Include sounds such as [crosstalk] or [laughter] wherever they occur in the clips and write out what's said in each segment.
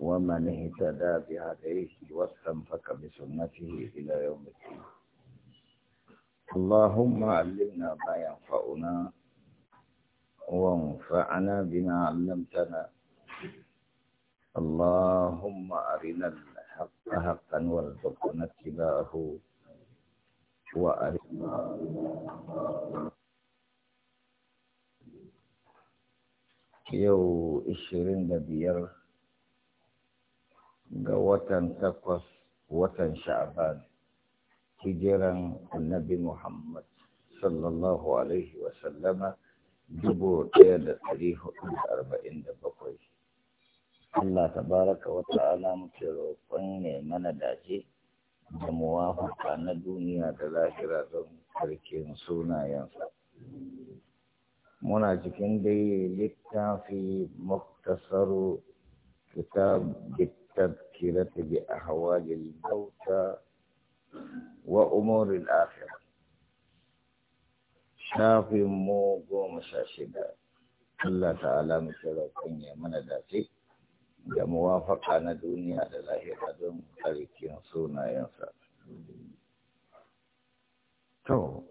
ومن اهتدى بهديه واستنفك بسنته إلى يوم الدين اللهم علمنا ما ينفعنا وانفعنا بما علمتنا اللهم أرنا الحق حقا وارزقنا اتباعه وأرنا يو 25 ga watan takwas watan sha'ban hijiran annabi Muhammad sallallahu alaihi wa sallama dubu ɗaya da ɗari hudu da arba'in da bakwai. Allah tabaraka wa ta'ala muke roƙon ne mana dace da muwafaqa na duniya da lahira don karkin sunayensa. Muna cikin dai littafi muktasaru kitab a التذكرة بأحوال الموتى وأمور الآخرة شاف موغو مشاشدة الله تعالى مثل كنيا mana ذاتي da muwafaka na duniya da lahira don tsarkin sunayensa. To,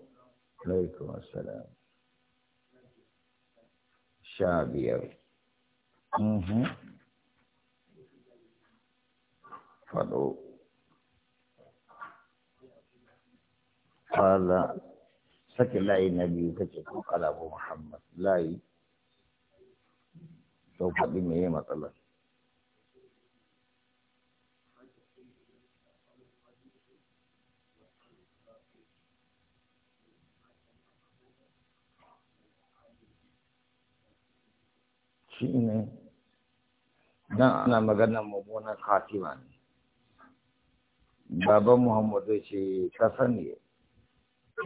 biyar. فلو قال سك لا ينبي كتب قال أبو محمد لا سوف بما يما طلع shi ne don ana maganar mummunan khatima ne baban muhammadu ce ta sani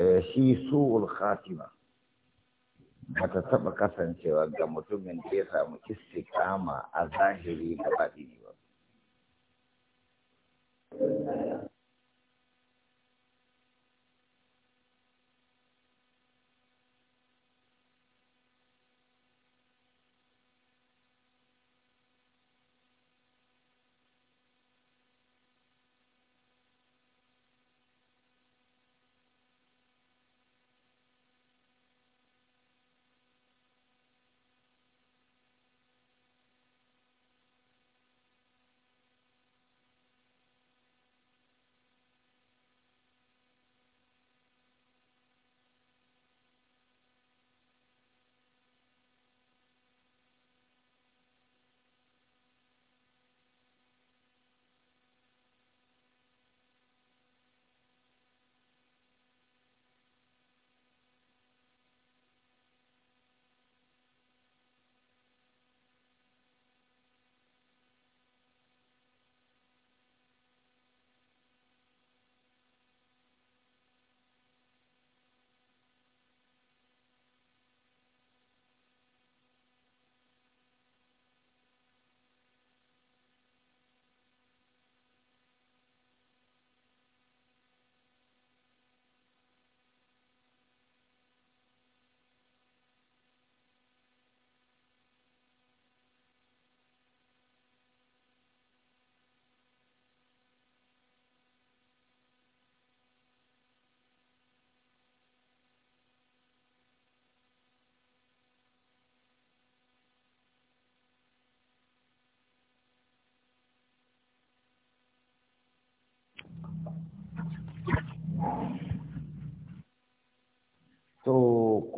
eh, shi su'ul khatima ba ta taɓa kasancewa ga mutumin da ya samu istikama a zahiri da ne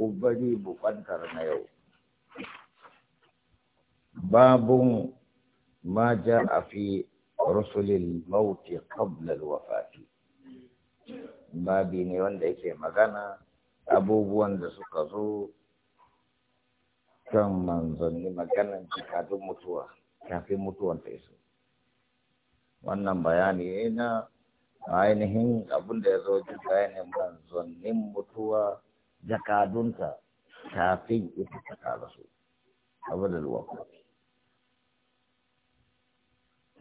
kubari bari na yau Babu ma ja a fi rusulin mauti wafati babi ne wanda yake magana abubuwan da suka zo kan manzanni maganan cikadun mutuwa kafin mutuwan ta iso wannan bayani ne na ainihin abin da ya zo duk manzannin mutuwa jakadunta kafin ita ta kara su abu da luwa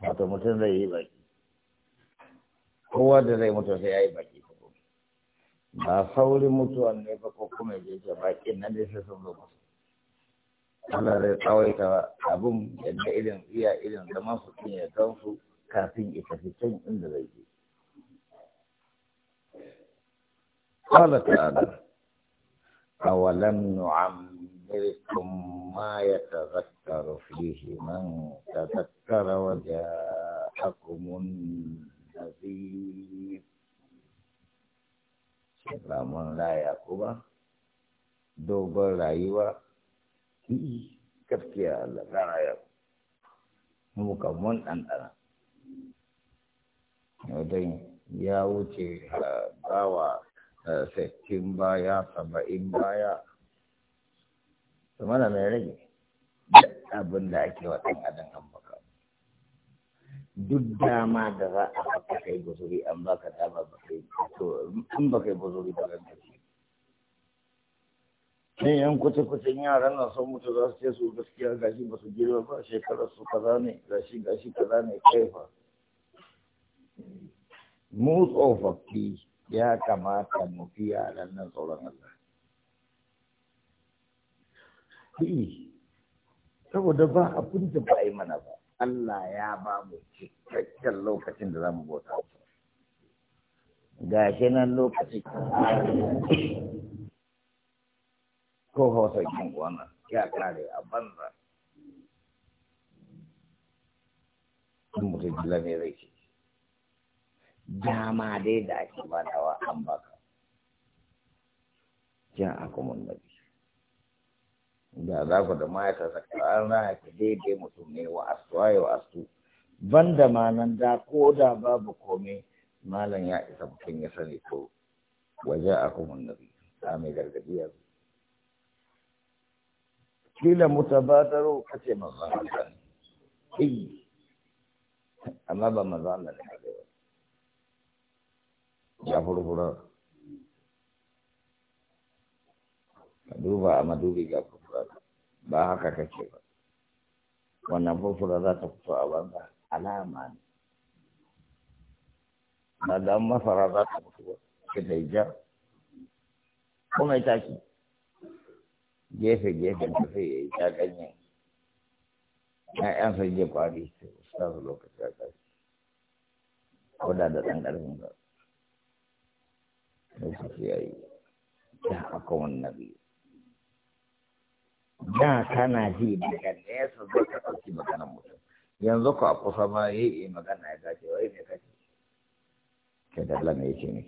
wato mutum zai yi baki kowa da zai mutu sai ya yi baki ba saurin mutuwan ne ba ko kuma ya ce baki nan da sai sun zo Ana Allah zai tsawaita abin yadda irin iya irin zama su kin ya gansu kafin ita tafi can inda zai je. Allah ta'ala أولم نعمركم ما يتذكر فيه من تذكر وجاءكم النذير سلام لا يعقوب دوبر رايوا gaskiya Allah ta raya mu ka mun dan dana dai ya wuce sittin baya saba'in baya su mana mai rage abin da ake wa ɗan adam an baka duk dama da za a baka kai buzuri an baka dama ba kai to an baka buzuri ba zan kai ne yan kuce kucin yaran nan sun mutu za su ce su gaskiya gashi ba su girma ba shekarar su kaza ne gashi gashi kaza ne kai kaifa mu tsofaffi ya kamata mu fi yaran nan tsoron Allah. yi. saboda ba abin da ba yi mana ba, Allah ya ba mu cikakken lokacin da za mu bota. Ga shi nan lokaci. Ko hausa kin gwana ya kare a banza. Mutum jila ne zai ce. dama dai da ake badawa an baka ja akumun nabi da za ku da ma'aikata sakarar rana ka daidai mutum ne wa astu wa astu ban da ma nan da ko da babu komai malam ya isa mutum ya sani ko waje akumun nabi ta mai gargadi ya zo kila mutabadaro kace manzon Allah amma ba manzon ne ba ya furfura ka duba a madubi ga furfura ba haka kake ba wannan furfura za ta fito a banza alama ne na dan masara za ta fito ki da ja kuma ita ki gefe gefen ta sai ya yi ta ganyen ƴaƴan sun je kwari sai su lokaci a ko da da ɗan ƙarfin ba lokaci ya da aka wannan biyu da kana ji daga nesa zai ka ɗauki maganar mutum yanzu ko a kusa ba ya yi magana ya gace wai me kace ke da lana ya ce ne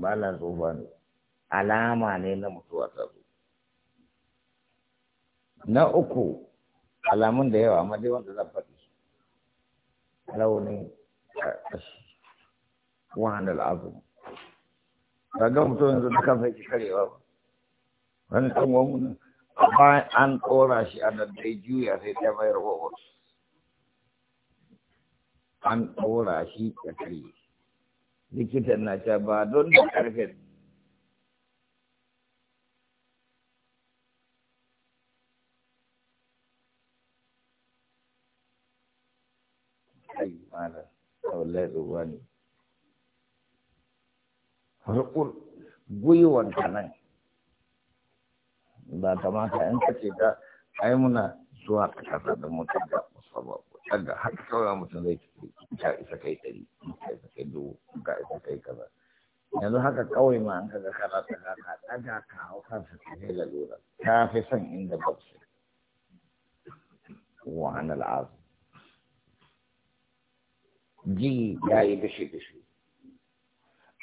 bala tsufa ne alama ne na mutuwa ta zo na uku alamun da yawa amma dai wanda zan faɗi launin ƙarƙashi wahana al'azu kaga mutum yanzu da kansa yake karewa ba wani ɗan wani ba an tsora shi a nan dai juya sai ta mayar wa an tsora shi ya likitan na ta ba don da ne rukun gwiwar ta nan ba mata yan kace ta ai muna zuwa ta kasa da mutum da musamman daga haka kawai mutum zai ta isa kai ɗari ta isa kai dubu ga isa kai kaza yanzu haka kawai ma an kaga kana ta ka ɗaga ka hau kansa ka kai lalura ta fi son inda ba su wa azu ji ya yi dashi dashi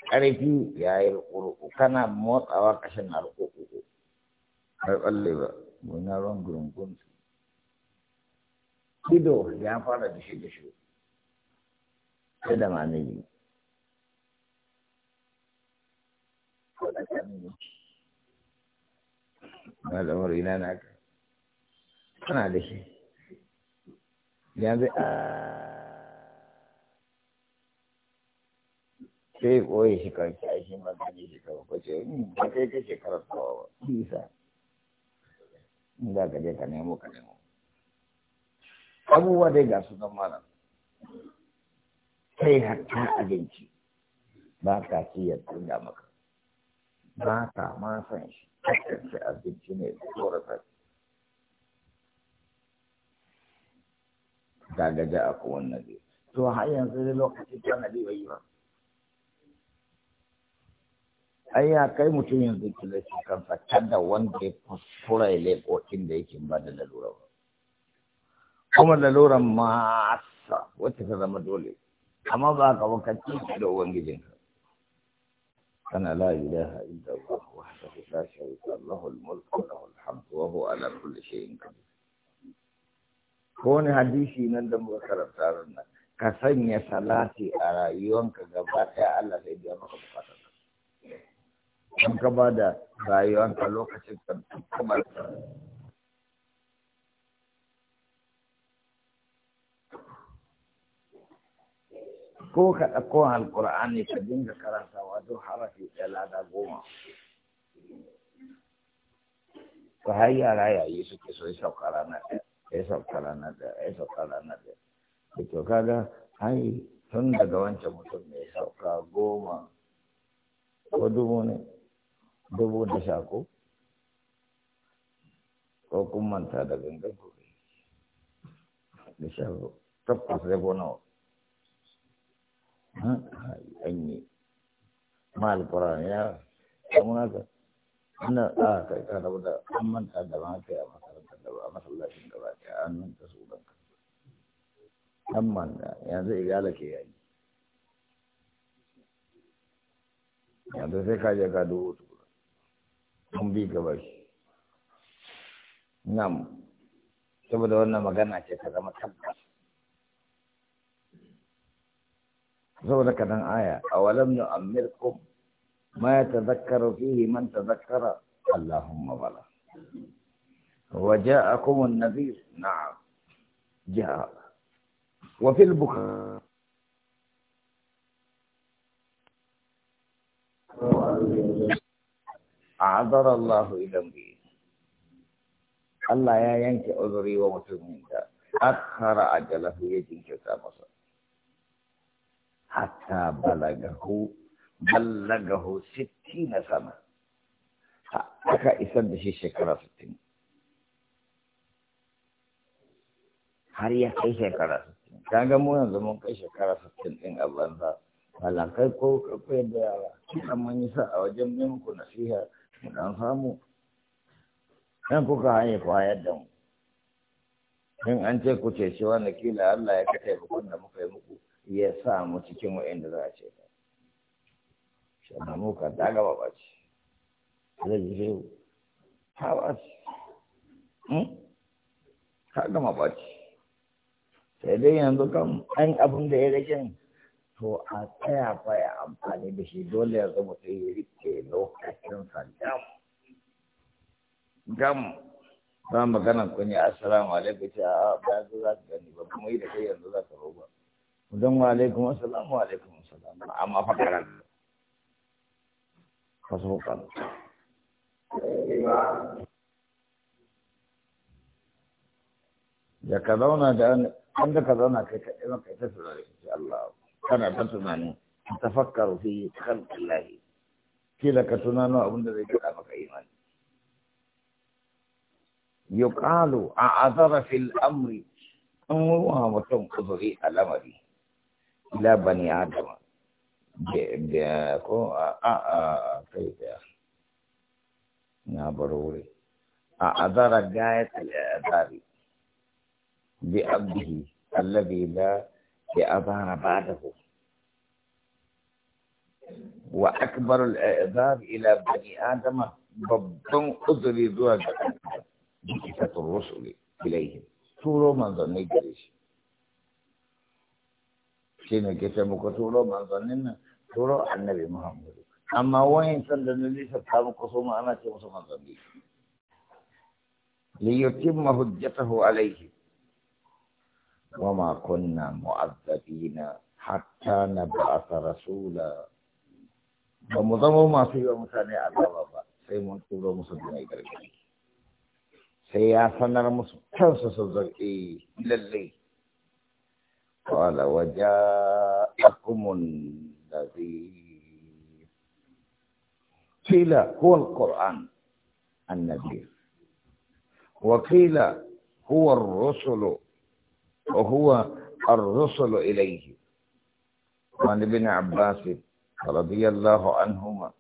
ƙarfi ya yi rukuruku kana motsawa ƙashin na rukuruku har tsalle ba gona ruwan gurungun ido ya fara da dishi sai da manili ba da ina na ka kana da shi zai a ah. sai koyi shi karki a shi hmm, ka je ka nemo ka nemo abubuwa dai ga su malam sai abinci ba ka ci ya tunda ba ta ma san shi abinci ne tsoratar ta gaja a kowanne to har yanzu lokacin ta na bai yi ba ai ya kai mutum yanzu ki laifin kansa kada wanda ya kuskura ya laifin da yake ba da lalura ba kuma lalura ma'asa wacce ta zama dole amma ba ka ba ka ci da ka. kana la ilaha illa Allah wahdahu la sharika lahu al-mulku wa lahu al-hamdu wa huwa ala kulli shay'in qadir ko wani hadisi nan da muka karanta ran nan ka sanya salati a rayuwanka gaba ɗaya Allah zai biya maka bukatar an ka ba da rayuwanka lokacin ka kamar ko ka ɗauko alƙur'ani ka dinga karanta wato harafi ɗaya lada goma ka har yara yayi suke so ya sauka rana ɗaya ya sauka rana ɗaya ya sauka rana ɗaya da to kaga ai tun daga wancan mutum mai sauka goma ko dubu ne dubu da shako ko kun manta da gangan gobe da shako tabbas da nawa an yi mal ƙwararren ya na, haka ina da kai ka rabu da an manta da ma kai a makarantar da ba a masallacin da ba ta an manta su ɗan an manta yanzu igala ke yayi yanzu sai ka je ka dubu mun bi gaba shi nan saboda wannan magana ce ta zama tabbas saboda kadan aya a walam nu amirkum ma yatadhakkaru fihi man tadhakkara allahumma bala وجاءكم النذير نعم جاء وفي البخاري a'adara Allahu idan bi Allah ya yanke uzuri wa mutumin da akhara ajalahu ya jinkirta masa hatta balagahu ballagahu 60 sana aka isar da shi shekara 60 har ya kai shekara 60 kaga mu yanzu mun kai shekara 60 din a banza kai ko kai da yara kiɗan mun yi sa a wajen muku nasiha an samu dan kuka haye kwayar da mu in an ce ku ce shi wanda kila Allah ya kace ku da muka yi muku ya sa mu cikin wa'anda za a ce ka shi mu ka daga ba ce zai ji sai ha ba ce ka hmm? gama ba ce sai dai yanzu kan an abin da ya rage to a tsaya faya amfani da shi dole yanzu mutum ya rike lokacinsa sandam gam ba magana ku ne assalamu alaikum ta a ba yanzu za ka gani ba kuma yi da kai yanzu za ka roba dan wa alaikum assalamu alaikum assalamu amma fa karan fa so kan da ka zauna da an da ka zauna kai ka irin kai ta tsare Allah كان عبدالله معني تفكر في خلق الله كلا كتنانا أبن ذي جلالك إيمان يقال أعذر في الأمر أمرها وتنقض في الأمر إلى بني آدم أعذر جاية الأعذار بأبه الذي لا في أبانا بعده وأكبر الإعذار إلى بني آدم ضبطن أذري ذوك بكتة الرسل إليهم تورو من ظنن جريش سينا كتبك تورو من ظننا تورو النبي محمد أما وين سندن ليس تابك ثم أنا كمسو من ظنن ليتم حجته عليهم وما كنا معذبين حتى نبعث رسولا بمضمو ما سيوا مسانا الله بابا سي منطورو مسلمين ايكاري سي آسانا مسلمين سسلزر اي للي قال وجاءكم النذير قيل هو القرآن النذير وقيل هو الرسل وهو الرسل إليه وعن ابن عباس رضي الله عنهما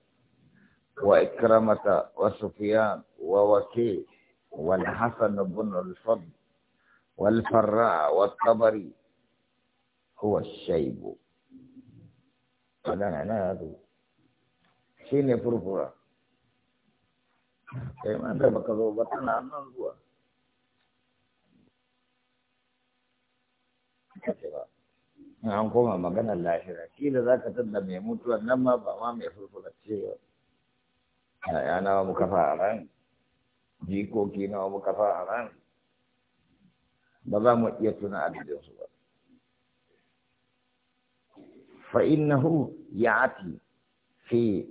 وإكرمة وسفيان ووكي والحسن بن الفضل والفراء والطبري هو الشيب هذا معناه هذا شيء فرفرة كما إيه، أنت بكذوبة عن أنه نعم قوما ما قلنا الله شرا كيل ذاك تدنا بيموت ونما أنا مكفى عران جيكو كينا مكفى عران بابا عبد يسوى فإنه يعطي في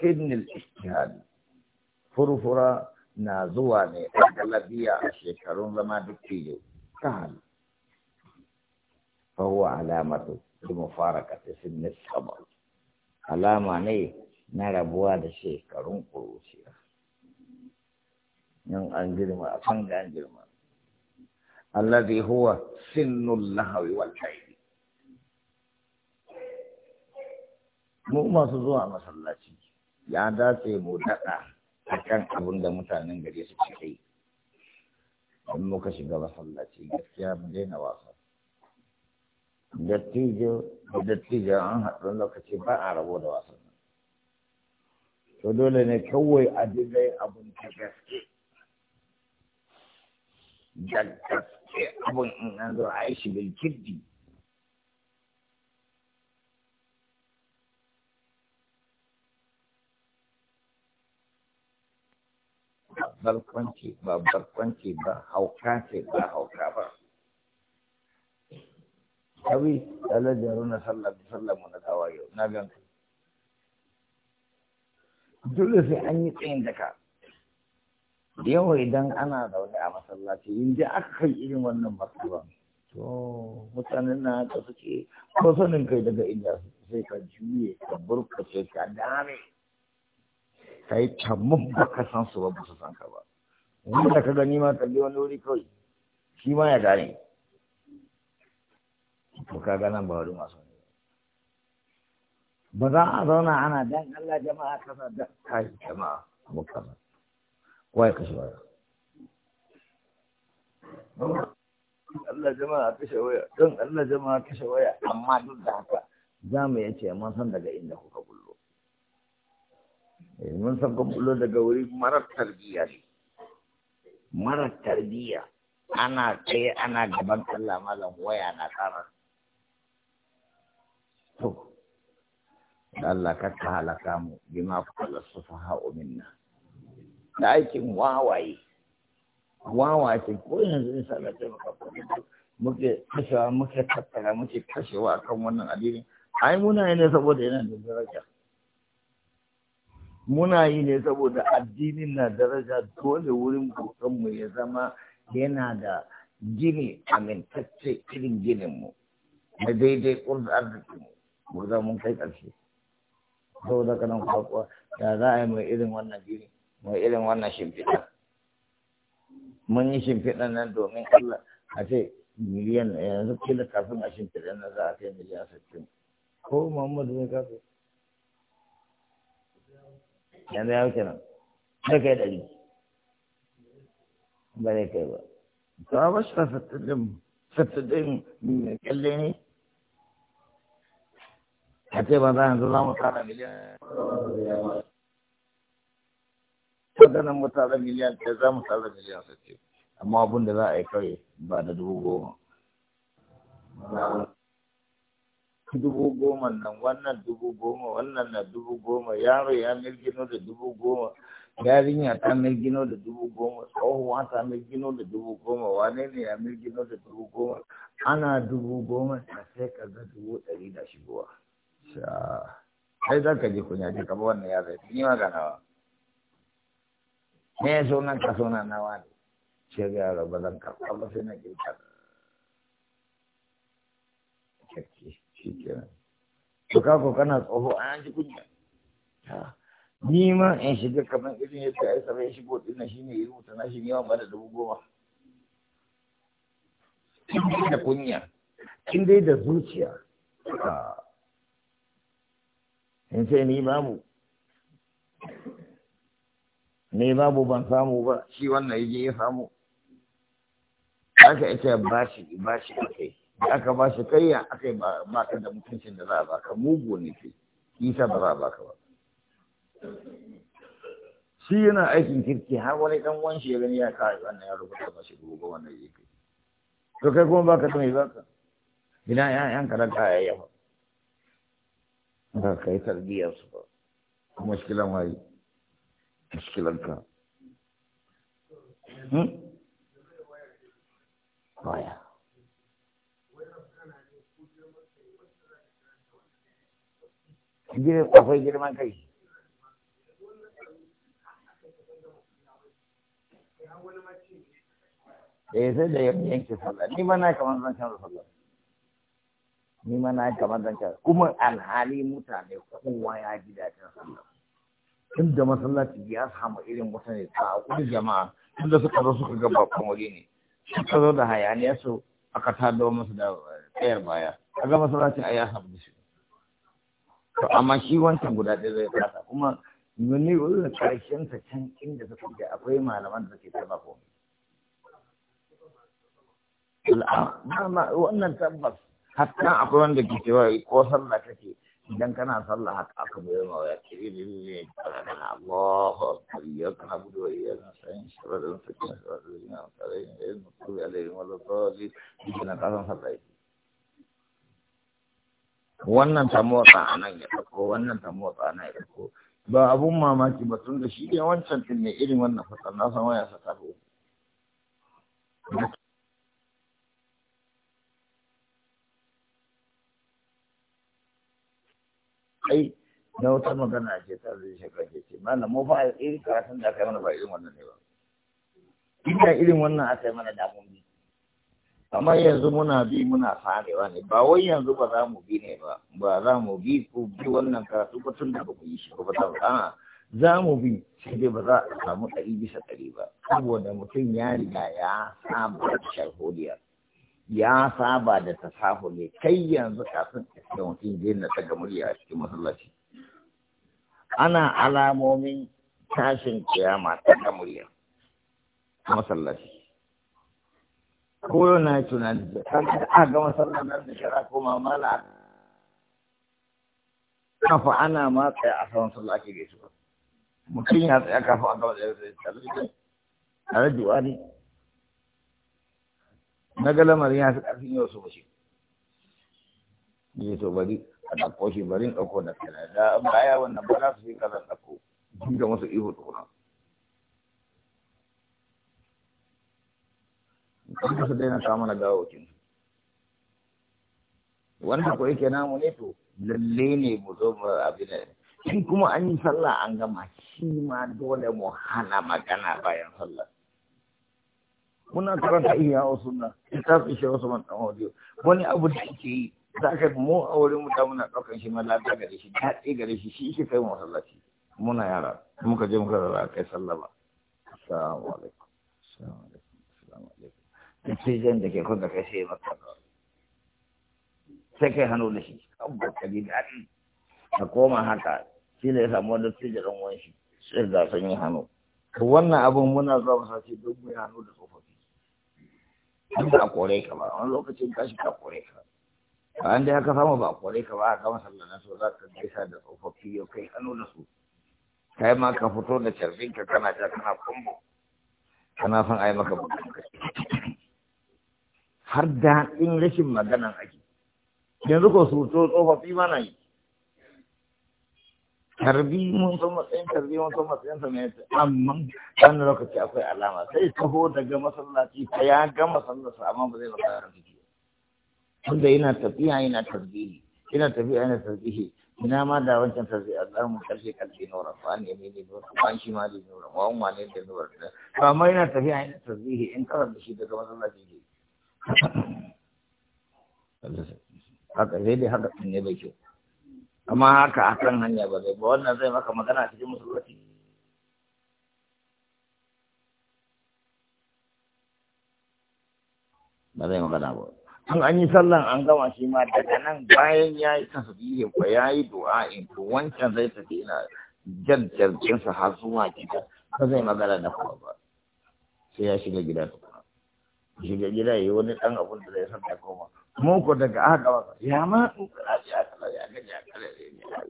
سن الاجتهاد فرفرا نازواني أغلبية أشياء الشيخ لما دكتيجو كهل فهو علامة لمفارقة سن الصبر alama ne na rabuwa da shekarun ƙuruciya yan an girma a kan an girma allazi huwa sinnul lahawi wal haidi mu masu zuwa masallaci ya dace mu daɗa a kan abin da mutanen gari su kai in muka shiga masallaci gaskiya mu daina wasa dattijo da dattijo an haɗu lokaci ba a rabo da wasan to dole ne kawai a dinga yin abun ta gaske da gaske abun in an zo a yi shi bil barkwanci ba barkwanci ba hauka ce ba hauka ba abi Allah da runa sallar sallar mu na yau na gan dole sai an yi tsayin daka yau idan ana zaune a masallaci in ji aka kai irin wannan matsalan to mutanen na haka suke ko sanin kai daga inda sai ka juye ka burkace ka dame ka yi tamun baka san su ba ba su san ka ba wanda ka gani ma kalli wani wuri kawai shi ma ya gane to kaga nan ba wurin masu ne ba za a zauna ana dan Allah jama'a kasa da kai jama'a mukama wai ka shi waya Allah jama'a kashe waya don Allah jama'a kashe waya amma duk da haka za mu iya ce mun san daga inda kuka bullo eh, mun san kun bullo daga wuri marar tarbiyya ne marar tarbiyya ana kai ana gaban Allah malam waya na tsara to da Allah ka halaka mu bima fa'ala sufaha minna da aikin wawaye wawace ko yanzu in sana ce maka muke kashewa muke tattara muke kashewa akan wannan addini ai muna yi ne saboda yana da daraja muna yi ne saboda addinin na daraja dole wurin mu ya zama yana da gini amintacce irin ginin mu na daidai ƙurzar arzikinmu gobe mun kai ƙarshe saboda kanan kwakwa da za a yi mai irin wannan gini mai irin wannan shimfiɗa mun yi shimfiɗa nan domin Allah a ce miliyan yanzu kila kafin a shimfiɗa nan za a kai miliyan sittin ko Muhammadu ne kafin yanzu ya wuce nan sai kai ɗari ba zai kai ba to a bashi sittin sittin kyalle ne a ce ban za yanzu za mu tara miliyan wadannan mu tara miliyan ɗaya za mu tara miliyan sake amma abin da za a yi kawai ba da dubu goma dubu goma nan wannan dubu goma wannan na dubu goma yaro ya mirgino da dubu goma yarinya ta mirgino da dubu goma tsohuwa ta mirgino da dubu goma wane ne ya mirgino da dubu goma ana dubu goma ta sai ka ga dubu ɗari da shigowa Ah, ai za ka je kunya ce ka wannan ya zai ni ma nawa me ya so nan ka so nan nawa ne ce ga yaro ba zan karɓa ba sai na kirka kyakki shi nan to ka ko kana tsoho a yanzu kunya ni ma in shiga kamar irin yi ai sabai shigo na shi ne ya rubuta na shi ne ba da dubu goma kin dai da kunya kin dai da zuciya in ce ni babu ni babu ban samu ba shi wannan yaje ya samu aka ita ba shi ba shi kai aka ba shi kai ya aka ba ka da mutuncin da za a baka mugu ne ke isa ba za a baka ba shi yana aikin kirki har wani dan wanshi ya gani ya kai wannan ya rubuta ba shi gobe wannan yake to kai kuma baka to me baka ina yan yan karanta ya yafa ba ka yi tarbiyyarsu ba kuma shikilan wayi shikilan ka baya hmm? akwai girman kai eh sai da yanke sallah ni ma na kamar zan canza sallah ni ma na kamar zanka kuma alhali mutane kowa ya ji daɗin sallah tun da masallaci ya samu irin mutane ta kudu jama'a tun da suka zo suka ga babban wuri ne suka zo da hayaniya su aka tado musu da tsayar baya a ga masallaci a ya samu da shi to amma shi wancan guda ɗaya zai kasa kuma ni wurin karshen sa can inda suka ga akwai malaman da suke taimako wannan tabbas hatta akwai wanda ke cewa ko sallah kake idan kana sallah haka aka bai ma ya ce ne Allahu akbar ya kana budo ya na san sharadin sakin sharadin ya sai ya mutu alai wala dali kana kasan sallah wannan ta motsa a nan ya ɗauko wannan ta motsa a nan ya ɗauko ba abun mamaki ba tun da shi ne wancan ɗin ne irin wannan fasa na san waya sa tafi ai na wata magana ce ta zai shaka ke ce malam mu fa irin karatun da aka yi mana ba irin wannan ne ba inda irin wannan aka yi mana damun bi amma yanzu muna bi muna farewa ne ba wai yanzu ba za mu bi ne ba ba za mu bi ko bi wannan karatu ba tun da ba ku yi shi ba ta ba za mu bi sai dai ba za a samu ɗari bisa ɗari ba saboda mutum ya riga ya samu sharholiyar ya saba da tasahuli kai yanzu kafin da mutum zai na daga murya a cikin masallaci ana alamomin tashin kiyama daga murya masallaci ko na tunani da a ga masallacin da shara ko mamala kafa ana matsa a saman sallaci gaisuwa mutum ya tsaya kafa a da yau da shara a rajuwa na ga lamarin ya fi ƙarfin yau su bashi ya to bari a ɗauko shi bari in ɗauko na kana da baya wannan ba za su yi kaza ɗauko da musu ihu tukuna wanda su daina kama na gawawakin wanda ko yake namu ne to lalle ne mu zo mu abin shi kuma an yi sallah an gama shi ma dole mu hana magana bayan sallah muna karanta iya sunna ta su shi wasu man audio wani abu da ake yi za ka mu a wurin mu muna ɗaukar shi malaka gare shi daɗi gare shi shi shi kai mu masallaci muna yara muka je muka zara kai sallama assalamu alaikum assalamu alaikum assalamu alaikum duk sai jan da ke kun da kai sai maka sai kai hannu da shi abubuwa da ji daɗi A koma haka shi ne ya samu wani tijirin wani shi sai da sun yi hannu wannan abun muna zuwa masallaci don mu yi hannu da tsofaffi an da a kore ka ba wani lokacin kashi ka kore ka ba an da aka samu ba a kore ka ba a kama sallanan so za ka gaisa da tsofaffi yau kai hannu da su yi ma ka fito da carbin ka kana ta kana kumbo kana son a yi maka bukatu har da in rashin maganan ake yanzu ko su to tsofaffi ma na yi tarbi mun san matsayin tarbi mun san matsayin sa ne amma dan lokaci akwai alama sai taho daga masallaci ta ya ga masallaci amma ba zai ba maka rafiki Wanda yana tafiya yana tarbihi yana tafiya yana tarbihi ina ma da wancan tarbi Allah mu karshe karshe nora fa an ne ne nora fa an shi ma da nora wa an wane da nora amma yana tafiya yana tarbihi in karar da shi daga masallaci ne [coughs] haka sai dai haka ne bai kyau amma haka a kan hanya ba zai ba wannan zai maka magana cikin musulunci ba zai magana ba an an yi sallan an gama shi ma daga nan bayan ya yi tasbihin ko ya yi du'a in to wancan zai tafi ina jajjarjinsa har zuwa gida ba zai magana da kuma ba sai ya shiga gida tukuna shiga gida ya yi wani ɗan abun da zai san da koma mu daga aka gaba ya ma tsokala ya kala ya ga ya kala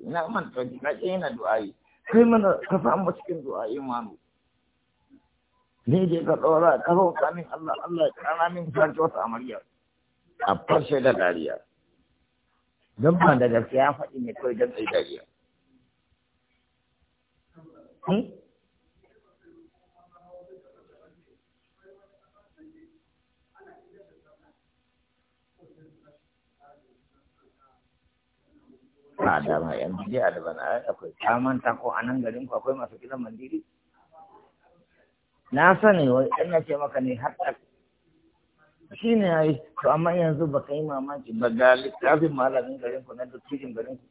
ina man to na ce yana du'ayi kai mana ka samu cikin du'ayi manu ni dai ka dora ka roƙa min Allah Allah ya kana min sarki wata amarya a farshe da dariya don ban da gaskiya faɗi ne kai don tsaye dariya hmm? a dama yan bidiya da bana akwai ta ko a nan garin ku akwai masu kiran mandiri na sani wai in na ce maka ne har shi ne ya yi to amma yanzu ba ka yi mamaki ba ga littafin malamin garin ku na dattijan garin ku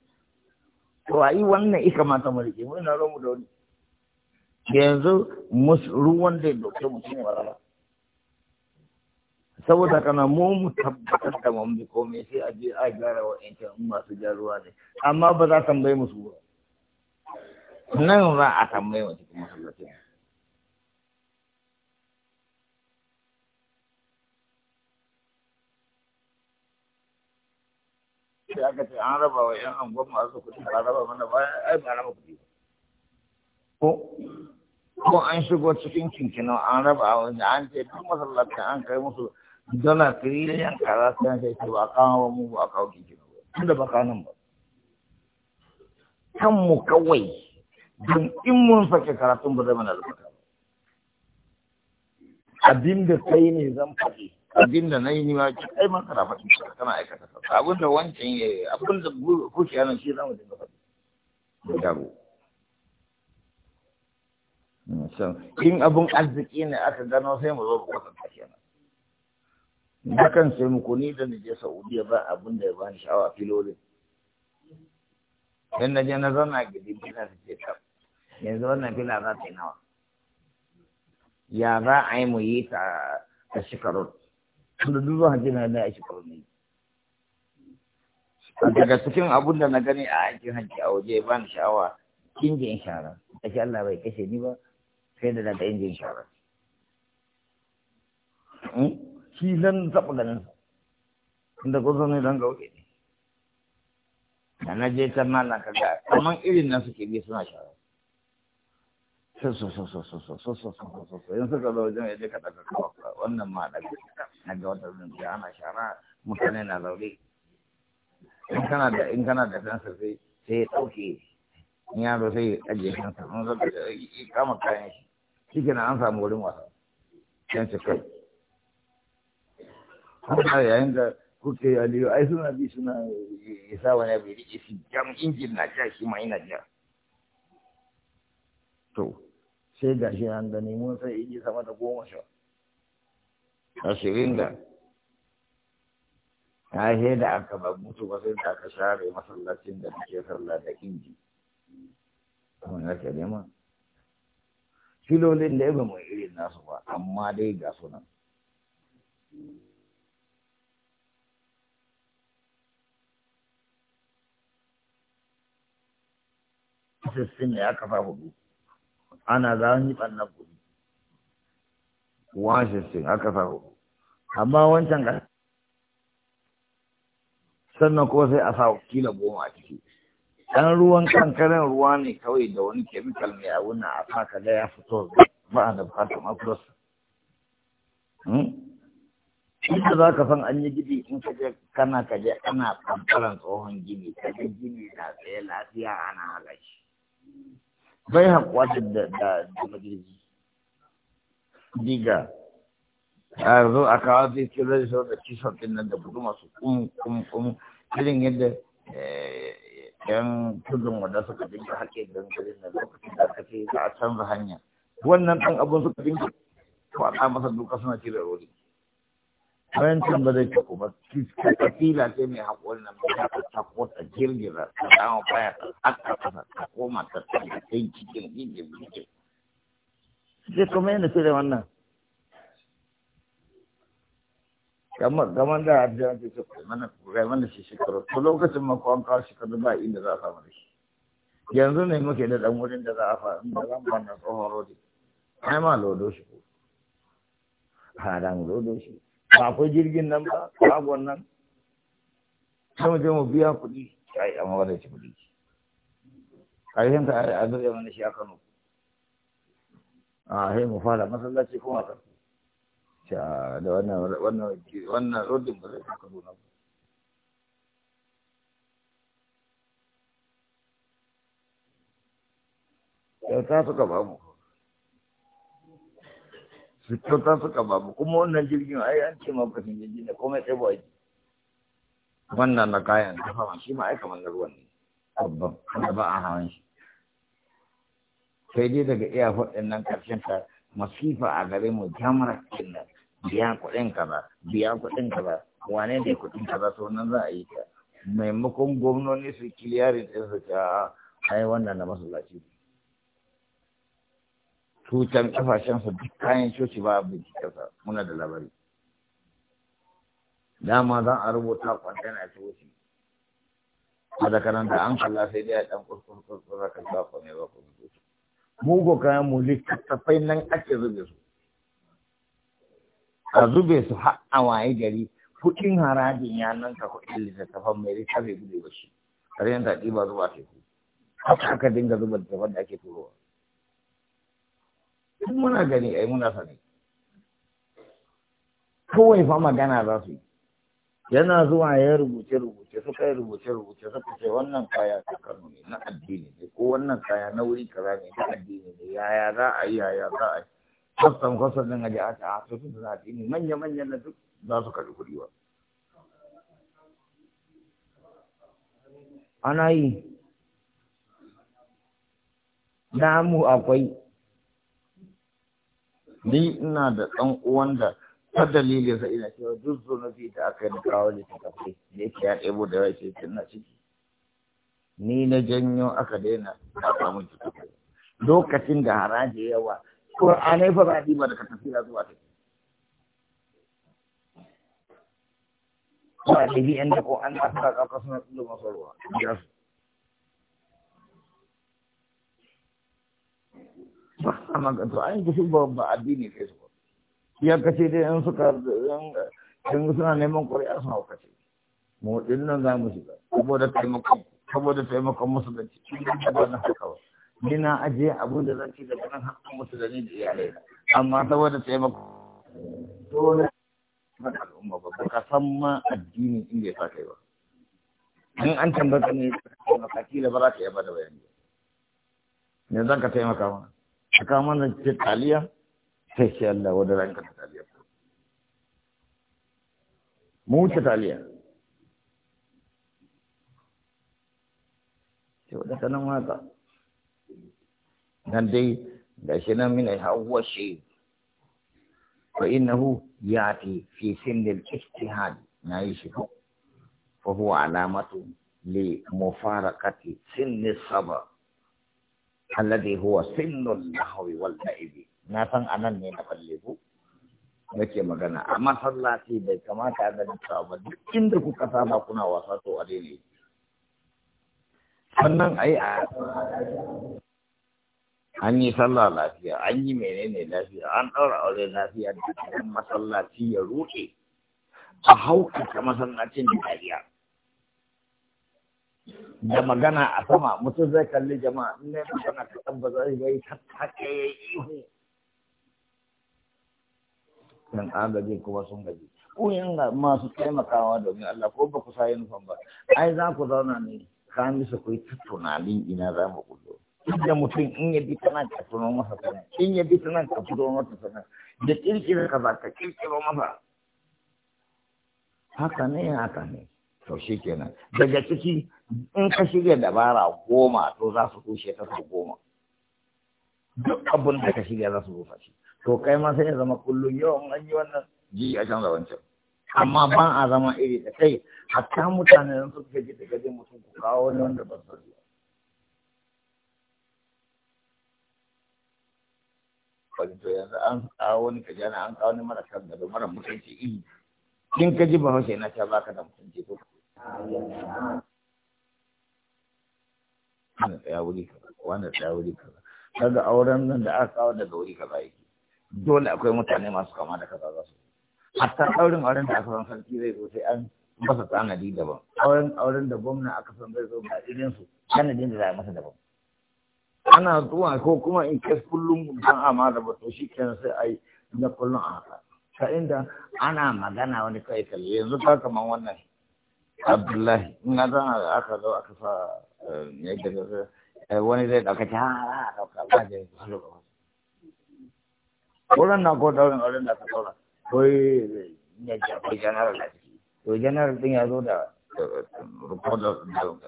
to a yi wannan ika mata mulki mun na romu da wani yanzu ruwan da ya doke mu shine walala saboda kana mu mu tabbatar da mun bi komai sai a je a gyara wa ƴancin masu jaruwa ne amma ba za a tambaye musu ba nan za a tambaye wa cikin masallacin sai aka ce an raba wa 'yan angon masu kuɗi ba raba mana ba ai ba raba kuɗi ba ko ko an shigo cikin kinkinan an raba wa an ce duk masallacin an kai musu dala filiyan kaza sai sai ce ba kawo mu ba kawo kiki ba tunda ba kanan ba kan mu kawai don in mun sake karatun ba zai mana albarka abin da kai ne zan faɗi abin da na ni ma ki kai ma kana faɗi kana aikata ka abin da wancan ya abin da kuke yana shi zamu dinga faɗi yaro hmm, in abin arziki ne aka gano sai mu zo mu kwatanta kenan na kan sai muku ni da nije Saudiya ba abin da ya bani sha'awa filolin dan naje na zauna gidi bina da ce kam. yanzu wannan fila za ta yi nawa ya za a yi mu yi ta a shekarun Tunda duk zuwa hajji na a shekarun ne daga cikin abun da na gani a aikin hajji a waje ba ni sha'awa injin shara ake Allah bai kashe ni ba sai da daga injin shara hmm? filan taɓa ganin inda gwazo ne don gauke ne na je can na kaga kaman irin nan suke bi suna shara so ka wannan ma na ga wata shara kana da in kana da sai kama kayan shi shi kenan an samu wurin wasa can haka yayin da kuke aliyu ai suna bi suna isa wani abu rike shi jam injin na ja shi ma ina ja to sai ga shi an gani mun sai yi sama da goma sha ashirin da na sai da aka ba mutu ba sai da aka share masallacin da nake sallah da inji wannan ke nema filolin da ya ba mu irin nasu ba amma dai ga sunan sistin ya kafa hudu ana yi ɓannan kuɗi one sistin ya kafa hudu amma wancan ga sannan kuma sai a sa kila goma a ciki ɗan ruwan kankanin ruwa ne kawai da wani kemikal mai abuna a sa da ya fito ba a da bukatar makros hmm? inda za ka san an yi gidi in ka je kana ka je ana kamfaran tsohon gini ka gini na tsaye lafiya ana halashi bai haƙuwa da da diga a yanzu a kawo zai ce zai zo da kishon din nan da budu masu kum kum kum irin yadda yan eh, tudun wanda suka dinga haƙe garin na lokacin da aka ce za a canza hanya wannan ɗan abun suka dinga kwaɗa masa duka suna cire rori Farancin ba zai tafi ba, kasila sai mai haƙuri na mata ta tako ta girgira ta samu baya ta tsaka ta ta koma ta tsaye cikin gidan gigin. sai kuma yana cire wannan. Kamar gaman da arzikin da suka mana kurai mana shi shekaru, to lokacin ma kwan kawo shekaru ba inda za a samu da shi. Yanzu ne muke da ɗan wurin da za a fara? da zan ba na tsohon rodi. Ai ma lodo shi ko. Ha dan lodo shi. ba akwai jirgin nan ba shagon nan sai mu je mu biya kuɗi a yi amma ba da shi kuɗi ƙarshen ta a zuwa mana shi a Kano a sai mu fara masallaci kuma a Kano sha da wannan wannan wannan rodin ba zai Kano na ba yau ta suka ba mu su kyauta suka babu kuma wannan jirgin ai an ce ma bakin jirgi ne komai sai ba aiki wannan na kayan kafa shi ma ai kamar na ruwan ne babban wanda ba a hawan shi sai dai daga iya faɗin nan karshen ta masifa a gare mu jamara kinnan biya kuɗin ba biya kuɗin ba wane ne kuɗin ba to nan za a yi ta maimakon gwamnoni su kiliyarin ɗin su ce a ai wannan na masallaci tutan kafashensa duk kayan coci ba abin kasa muna da labari dama zan a rubuta kwantena a coci a da karanta an kalla sai dai a ɗan kurkurkurkur ka ba kome ba kome coci mugu kayan mu littattafai nan ake zube su a zube su har a waye gari kuɗin harajin ya nanka kuɗin littattafan mai littafi gudu ba shi kare ta ɗiba zuwa teku haka aka dinga zuba littattafan da ake turowa in muna gani ai muna sani kawai fa magana za su yi yana zuwa ya rubuce rubuce suka yi rubuce rubuce suka ce wannan kaya ta kano ne na addini ne ko wannan kaya na wuri kaza ne na addini ne yaya za a yi yaya za a yi kwastan kwastan din aji aka a su da addini manya manya na duk za su kaji kuɗi ba ana yi namu akwai ni ina da ɗan uwan da ta dalilin sa ina cewa duk na fita aka yi kawo littattafai ne ke ya ɗebo da yawa ce na ciki ni na janyo aka daina a samu littattafai lokacin da haraji yawa ƙur'anai fa ba ba da katafila zuwa ta ba a ɗabi'an da ko an ba ta suna tsoro masarwa ba a magana ai da shi ba addini sai su ya kace dai in suka in suna neman ƙuri'a suna kace mu din nan za mu shiga saboda taimakon saboda taimakon musulunci shi ba na haka ba ni na ajiye abin da zan ci daga nan hakan musulunci da iyalai amma saboda taimakon dole na al'umma ba ka san ma addini inda ya sa kai ba in an tambaka ne ka kila ba za ka yaba da bayani ne zan ka taimaka mana a kama na ce taliya sai shi Allah wadda ranka ta taliya mu wuce taliya ce wadda ta nan waka nan dai da shi nan mina hawa shi fa innahu yati fi sinnil ijtihad na yi shi fa huwa alamatu li mufarakati sinni sabar alladhi huwa sinnul nahwi wal ta'ibi na san anan ne na balle ku nake magana a masallaci bai kamata ga nisa ba duk inda kuka saba kuna wasa to a daidai sannan ai a an yi sallah lafiya an yi menene lafiya an ɗaura aure lafiya da masallaci ya ruɗe a hauka ta masallacin da dariya da magana a sama mutum zai kalli jama'a in ne magana ka ba zai bai tattake ya ihu dan agaji kuma sun gaji ku yanga masu taimakawa domin Allah ko ba ku sa yunifom ba ai za ku zauna ne ka misa ku yi tunanin ina za mu kullo da mutum in ya bi tana ka tuno masa sana in ya bi tana ka tuno masa sana da kirkira ka ba ka kirkiro masa haka ne haka ne to shi kenan daga ciki in ka shirya dabara goma to za su kushe ta sau goma duk abin da ka shirya za su rufa shi to kai ma sai ya zama kullum yawan an yi wannan ji a canza can amma ba a zama iri da kai hatta mutane sun suka ji daga jin mutum ku kawo wani wanda ba su Wani to yanzu an kawo wani kajana an kawo wani mara kan gaba mara mutunci iri in ka ji bahaushe na ta baka da mutunci ko ka tsaya wuri kaza wani tsaya wuri kaza kaga auren nan da aka kawo daga wuri kaza ke. dole akwai mutane masu kama da kaza za su hatta ɗaurin auren da aka san sarki zai zo sai an masa tsanadi daban auren auren da gwamna aka san zai zo ba irin su tsanadin da za a masa daban ana zuwa ko kuma in kai kullum dan amma da ba to shi kenan sai yi na kullum a haka ta inda ana magana wani kai kalli yanzu ta kaman wannan abdullahi in ga zan aka zo aka sa ne eh, da eh, wani zai ta a dauka ba da wurin na ko daurin wurin da da din ya da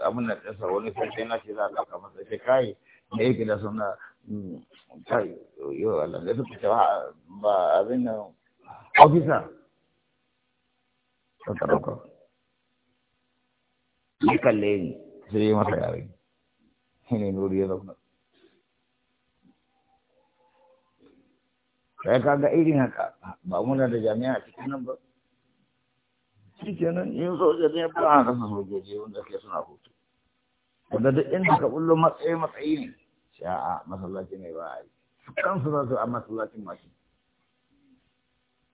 abin da wani sai na ce za a dauka masa sai kai da yake da suna hmm, kai yau Allah da ba abin nan ofisa ta ɗauka ya kalle ni sai masa lórí shi ya zauna sai kaga irin haka ba muna da jami'a a cikin nan ba shi kenan yin soja ne ba a kasa sojoji wanda ke suna hutu wanda duk inda ka matsayi matsayi ne sha'a masallaci ne ba a yi kansu za a masallacin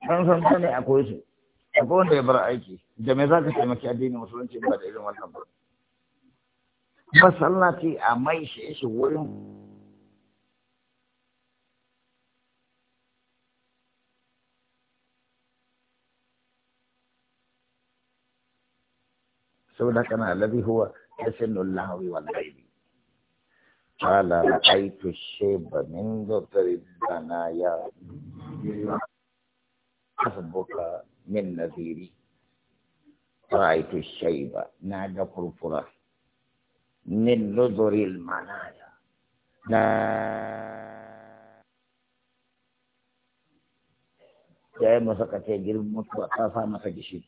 san ne a akwai su akwai wanda ya bar aiki da me za ka taimaki addinin musulunci ba da irin wannan ba masallaci a mai shi shi wurin saboda kana alladhi huwa yasinu lahwi wal ghaibi qala ra'aytu shayba min dhari ya hasbuka min naziri ra'aytu shayba na ga furfura min nuzuril manaya na ya yi masa kace girman mutuwa ta sa masa gishiri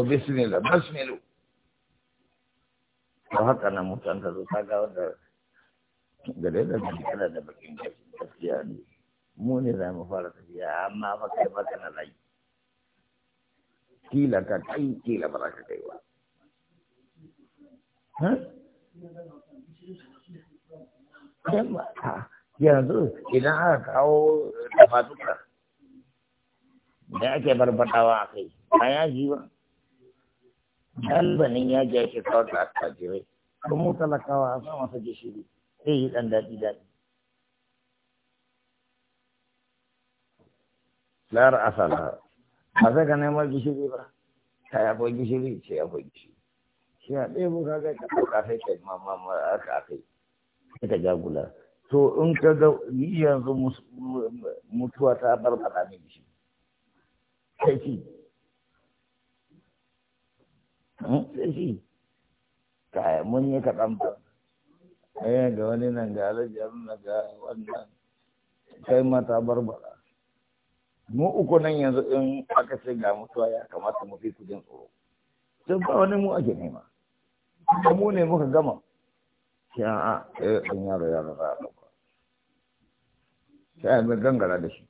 to ne bismillah to haka nan mutan ta zo ta ga wanda gare da gari da bakin gaskiya ne mu ne za mu fara tafiya amma fa kai ba kana lai kila ka kai kila ba za ka kai ba yanzu idan aka kawo da fatuka da ake barbaɗawa a kai a yaji ba galbanin ya ji ake kawar da attajirai ko mu talakawa a sa masa gishiri zai yi ɗan daɗi daɗi lara asala ba sai ka neman gishiri ba ta ya fi gishiri ce ya fi gishiri shi a ɗaya ba ka ka ɗauka sai ka yi mamma a aka yi sai ka jagula to in ka ga ni yanzu mutuwa ta barbaɗa min gishiri sai ki, sai shi mun yi kaɗan ba ɗaya eh, ga wani nan ga alajar na ga wannan kai mata barbara mu uku nan yanzu in aka ce ga mutuwa ya kamata mu fi kudin tsoro sun ba wani mu ake nema Ka mu ne muka gama shi a a eh ɗan yaro ya rasa a ɗauka sai mai gangara da shi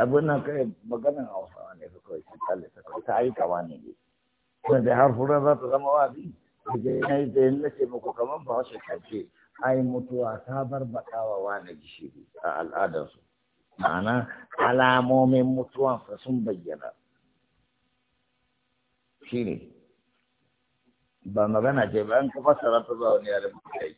abin na kai maganin hausawa ne su kawai su kalle ta kawai ta yi kawa ne dai wanda har fura za ta zama wazi daga yanayi da yalla ce muku kamar ba wasu kace ai mutuwa ta wa wani gishiri a al'adarsu ma'ana alamomin mutuwa fa sun bayyana shi ne ba magana ce ba an ka fassara ta wani yare mutai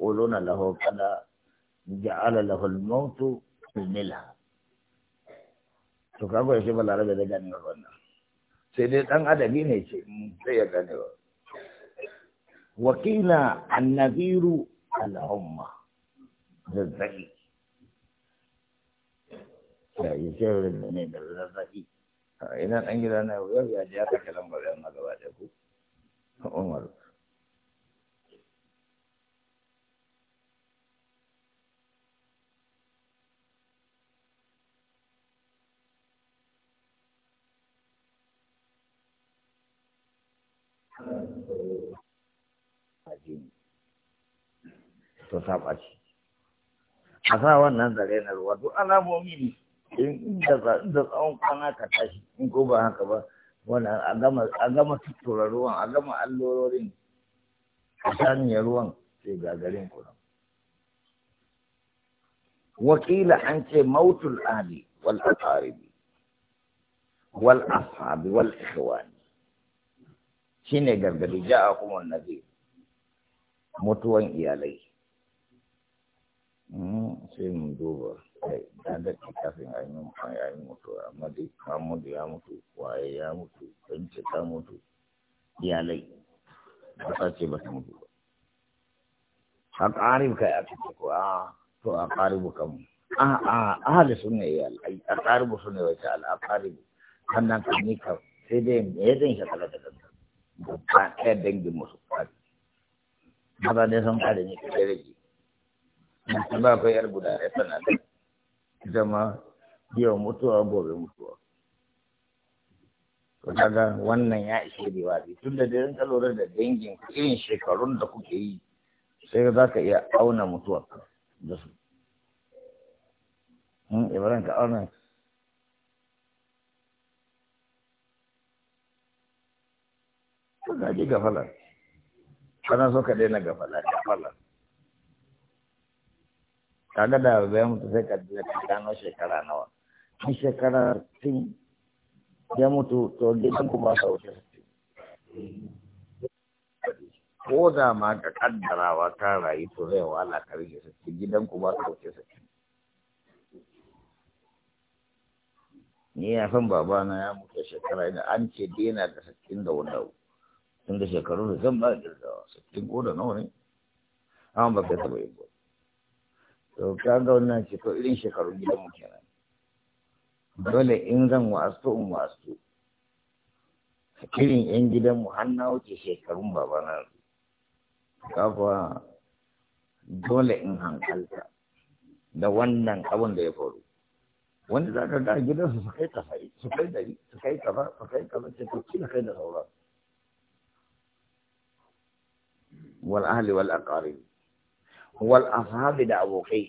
يقولون له قد جعل له الموت ملها to kaga yake ba larabe da gane wannan sai dai dan adabi ne ce sai ya gane wa wakila annabiru al'umma zazzabi da yi shirin ne da zazzabi ina dan gida na yau ya ji aka kalan ba zan gaba da ku Umar to saba shi a sa wannan zare na ruwa duk alamomi ne in da tsawon kwana ka tashi in ko ba haka ba wannan a gama tuttura ruwan a gama allororin a saniya ruwan sai garin ku. wakila an ce mautul ali wal aqaribi wal ashabi wal ikhwani shine gargadi ja'a kuma nabi mutuwan iyalai sai mu duba kai da daɗi kafin a yi mutu amma dai mahmudu ya mutu waye ya mutu ɗance ta mutu iyalai ba ta ce ba ta mutu ba a ƙarib kai a cikin ko a to a ƙaribu kanmu a a ahali su ne iyalai a ƙaribu su ne wata ala a ƙaribu sannan ka ni ka sai dai me ya zan shakala da kanka ba ɗaya dangin musu ƙari maza ne sun ƙari ne ka rage ba ka yar guda ya sana da zama yau mutuwa gobe mutuwa to kaga wannan ya ishe riwari tun da dai ka lura da dangin irin shekarun da kuke yi sai za ka iya auna mutuwa da su hmm, ibrahim ka auna ka gaji gafala kana so ka daina gafala gafala tare da bai mutu sai ka gano shekara nawa in shekara tun ya mutu to gidan ku ba sa wuce ko da ma ka kaddarawa ta rayu to zai wala ka rike sassi gidan ku ba sa wuce sassi ni ya san babana ya mutu shekara da an ce dena da sassin da wanda tun da shekaru da zan ba girgawa sassin ko da nawa ne an ba ka taba yi to kaga wannan to irin shekaru gidan mu kenan dole in zan wasu in wasu irin yan gidan mu har na wuce shekarun babana kafa dole in hankalta da wannan abin da ya faru wanda za ka ga gidan su kai kafa su kai dari su kai kafa su kai kafa ce to kila kai da sauran wal ahli wal aqarib wal ashabi da abokai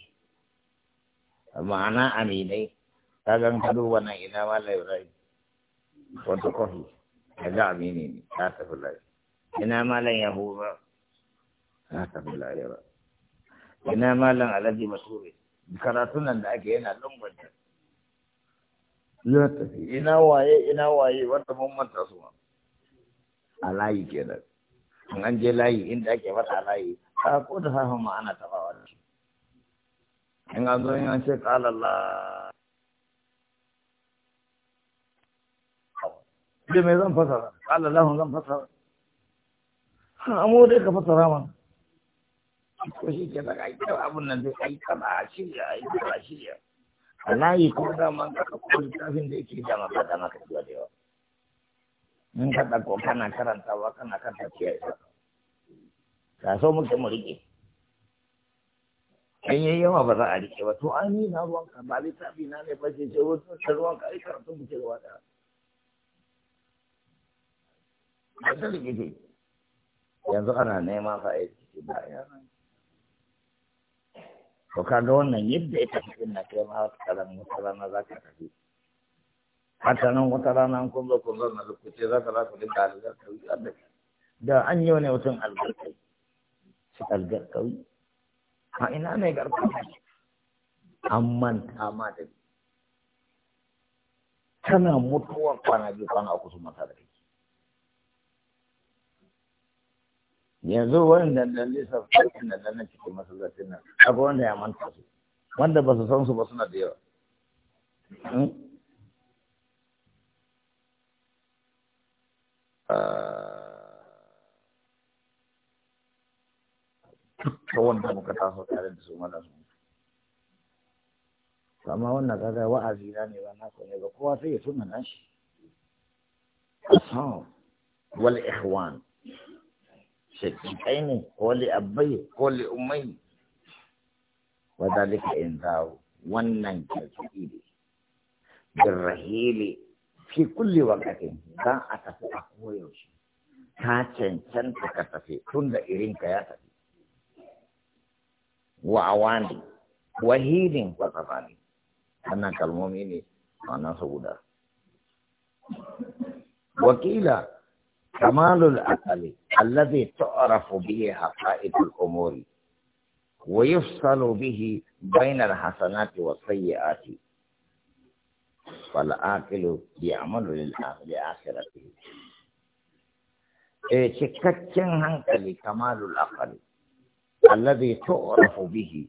ma'ana aminai ta gan kado wannan ina ma ibrahim wata kofi ya ga amini ne ta tafi laifin ina yahu ba ta tafi ba. ina lan alaji masuri karatun nan da ake yana lungwanta ya tafi ina waye ina waye wata mun manta su a layi kenan in an je layi inda ake mata layi a ko da safin ma ana taɓa wannan in an zo in an ce ƙalalla da me zan fasara ƙalalla zan fasara ha amu dai ka fasara ma ko shi ke kai aikar abun nan kai ka ba shirya yi ba shirya a layi ko man ka ko littafin da yake jama'a da maka zuwa da yawa in ka ɗago kana karantawa kana kan tafiya ita ka so muke mu riƙe in yi yawa ba za a riƙe ba to an yi na ka ba littafi na ne ba ce ce wasu ta ruwanka ai karatun muke ruwa ɗaya ba ta riƙe ce yanzu ana neman sa a yi ba ya to kaga wannan yadda ita tafi na kai ma wata kalan wata na za ka tafi haka nan wata rana an kun zo kun zo na lokaci za ka za ku dinga algarkawi da an yi wani mutum algarkawi shi algarkawi a ina ne garkawi an manta ma da tana mutuwa kwana biyu kwana a su masa da kai yanzu wani da lissafin da nan cikin masallacin nan akwai wanda ya manta su wanda ba su san su ba suna da yawa hmm? dukkan wanda muka taso tare da su mana su amma wannan kaga wa'azi na ne ba na ne ba kowa sai ya tuna na shi asam wal ihwan shakikai ne ko li abbai ko li ummai wa dalika in zawo wannan kirki ne birrahili في كل وقت دا اتفو اقوى يوشي تا چن چن تكتفي تون دا ارين كيا وعواني وحيدين وطفاني انا كالموميني انا سودا وكيلا كمال الأقل الذي تعرف به حقائق الأمور ويفصل به بين الحسنات والسيئات fal'aƙilu ya amalu lil'amili akirati eh cikakken hankali kamalul aqli alladhi tu'rafu bihi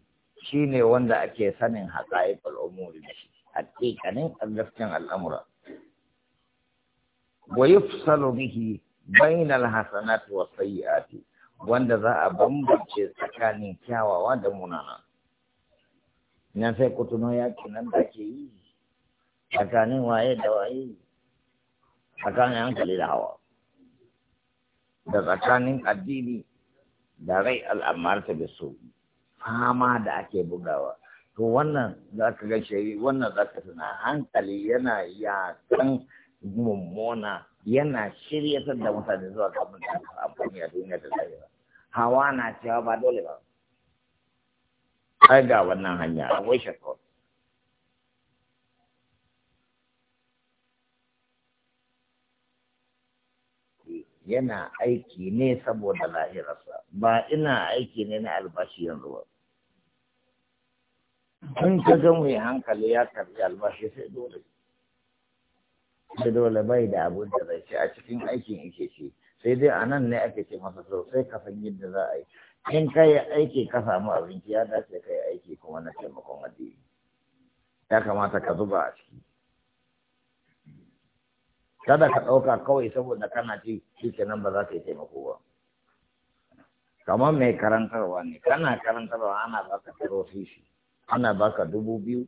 shine wanda ake sanin haqa'iqul umuri da shi hakikanin gaskiyar al'amura wa yufsalu bihi bainal hasanati was sayyi'ati wanda za a bambance tsakanin kyawawa da munana nan sai kutuno yakin nan da ake yi tsakanin waye da waye tsakanin hankali da hawa da tsakanin addini da rai al'amarta da su fama da ake bugawa to wannan za ka ga shari wannan za ka tuna hankali yana yakan mummuna yana shirya da mutane zuwa kamun da amfani a duniya da tsarewa hawa na cewa ba dole ba ai ga wannan hanya akwai shakkar yana aiki ne saboda lahirarsa ba ina aiki ne na albashi yanzu ba in ka ga mai hankali ya karbi albashi sai dole sai dole bai da abun da zai ce a cikin aikin yake ce sai dai a nan ne ake ce masa sosai ka san yadda za a yi in ka yi aiki ka samu abinci ya dace ka yi aiki kuma na taimakon addini ya kamata ka zuba a ciki kada ka ɗauka kawai saboda kana ci shi kenan ba za ka yi taimako ba kamar mai karantarwa ne kana karantarwa ana ka taro shi ana ba ka dubu biyu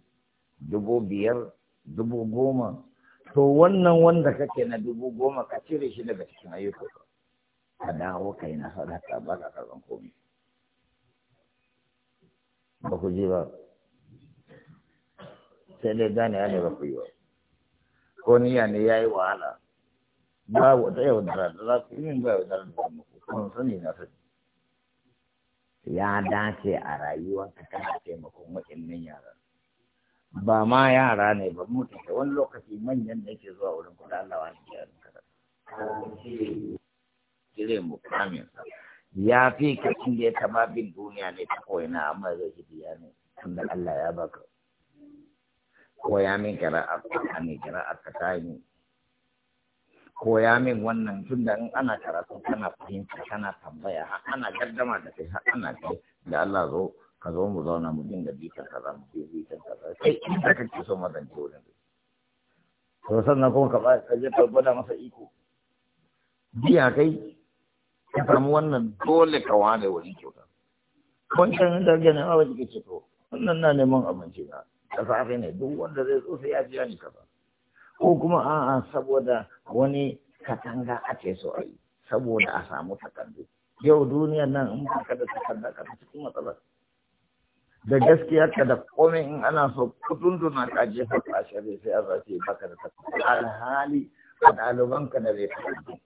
dubu biyar dubu goma to wannan wanda kake na dubu goma ka cire shi daga cikin ayyuka ka dawo ka yi nasara ka ba ka karɓar komai ba ku ji ba sai dai gane ne ba ku yi ba ko niyya ne ya yi wahala ba ta yau da za ku yi ba da kuma sani na sani ya dace a rayuwa kana taimakon waɗannan yara ba ma yara ne ba mu da wani lokaci manyan da yake zuwa wurin kuɗa Allah ya yi kada kire mu kamin ya fi ka inda ya taba bin duniya ne ta koyi na amma zai ji biya ne tunda Allah ya baka koya min kira a kira'ar ka koya min wannan tun da in ana karatu kana fahimta kana tambaya ana gaddama da kai har ana kai da Allah zo ka zo mu zauna mu dinga bitan kaza mu je bitan kaza sai ka kake so mazan ce wurin to sannan kuma ka ba ka je ka gwada masa iko biya kai ka samu wannan dole ka ware wurin kyauta wancan da gane ma kike to wannan na neman abinci na da safe ne duk wanda zai zo sai ya biya ni kaza ko kuma a'a saboda wani katanga a ce so ai saboda a samu takardu yau duniyar nan in ba ka da takarda ka cikin matsalar da gaskiya ka da komai in ana so kudin duna ka je ka tashi ne sai a ba baka da takarda alhali a ka da zai takardu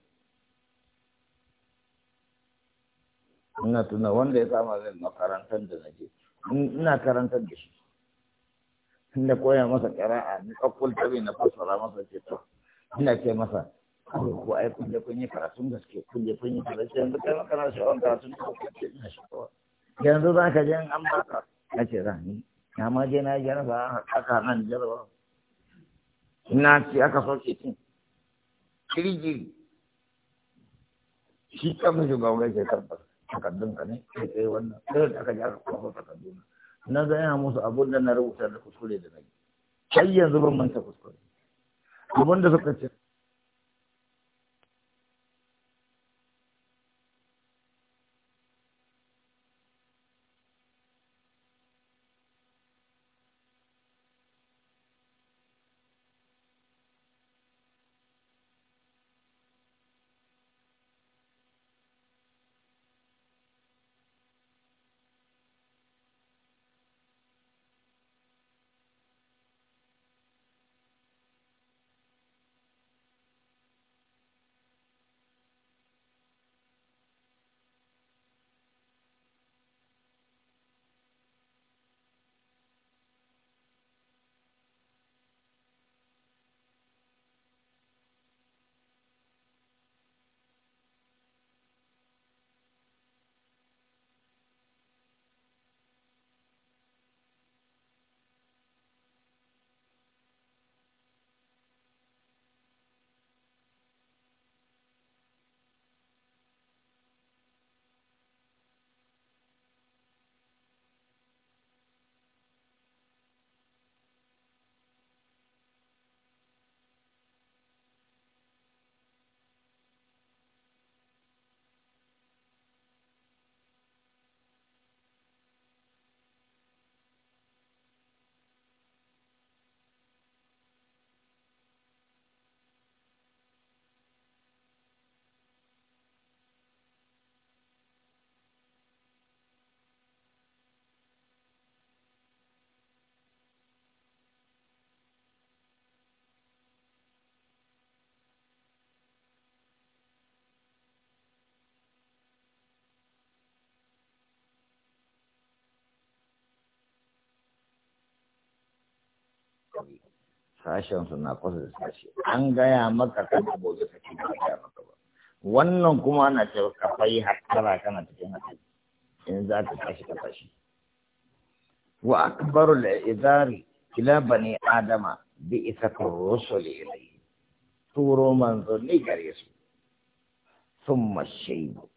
ina tuna wanda ya kama zai makarantar da na je ina karantar da shi na koya masa ƙara'a ni ƙaƙƙul tabi na fassara masa ce to ina ce masa ko ko ai kun je kun yi karatun gaske kun je kun yi karatun da kai maka na shawar karatun da kuka ce ina ko yanzu za ka je an baka na ce za ni na ma je na yi jaraba aka nan jaraba ina ce aka sauke tun kirgiri shi kan shugaban ya ce tabbas takardun ka ne sai wannan sai da aka ji ko kwafa takardun na gaya musu abun da na rubuta da kuskure da na yi har yanzu ban manta kuskure abun da suka ce sashen su na kusa da sashi an gaya maka kan gobe ka ke ba gaya maka ba wannan kuma ana ce ka fayi hattara kana cikin hatsari in za ka tashi ka tashi wa akbaru la idari ila bani adama bi ka rusuli ilayhi turo ni gare su sun shaybu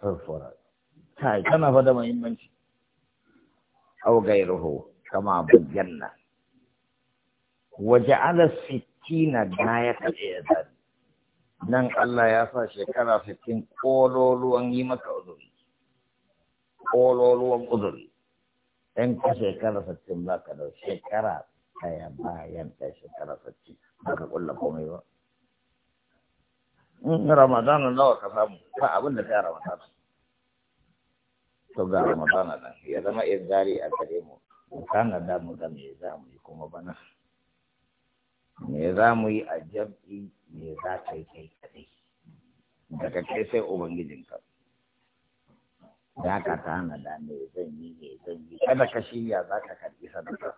furfura kai kana fa da muhimmanci aw gairuhu kama bayyana Waje na waja'ala sittina ya i'dad nan Allah ya sa shekara 60 kololuwan yi maka uzuri kololuwan uzuri in ka shekara sittin ba ka da shekara daya bayan ta shekara sittin, ba ka ƙulla komai ba in ramadana nawa ka samu ba abin da ka ramadana to ga ramadana nan ya zama izari a gare mu kana da mu ga me za mu yi kuma bana me za mu yi a jam'i me za ka yi kai kadai daga kai sai ka. za ka tana da me zan yi me zan yi kada ka shirya za ka karbi sadaka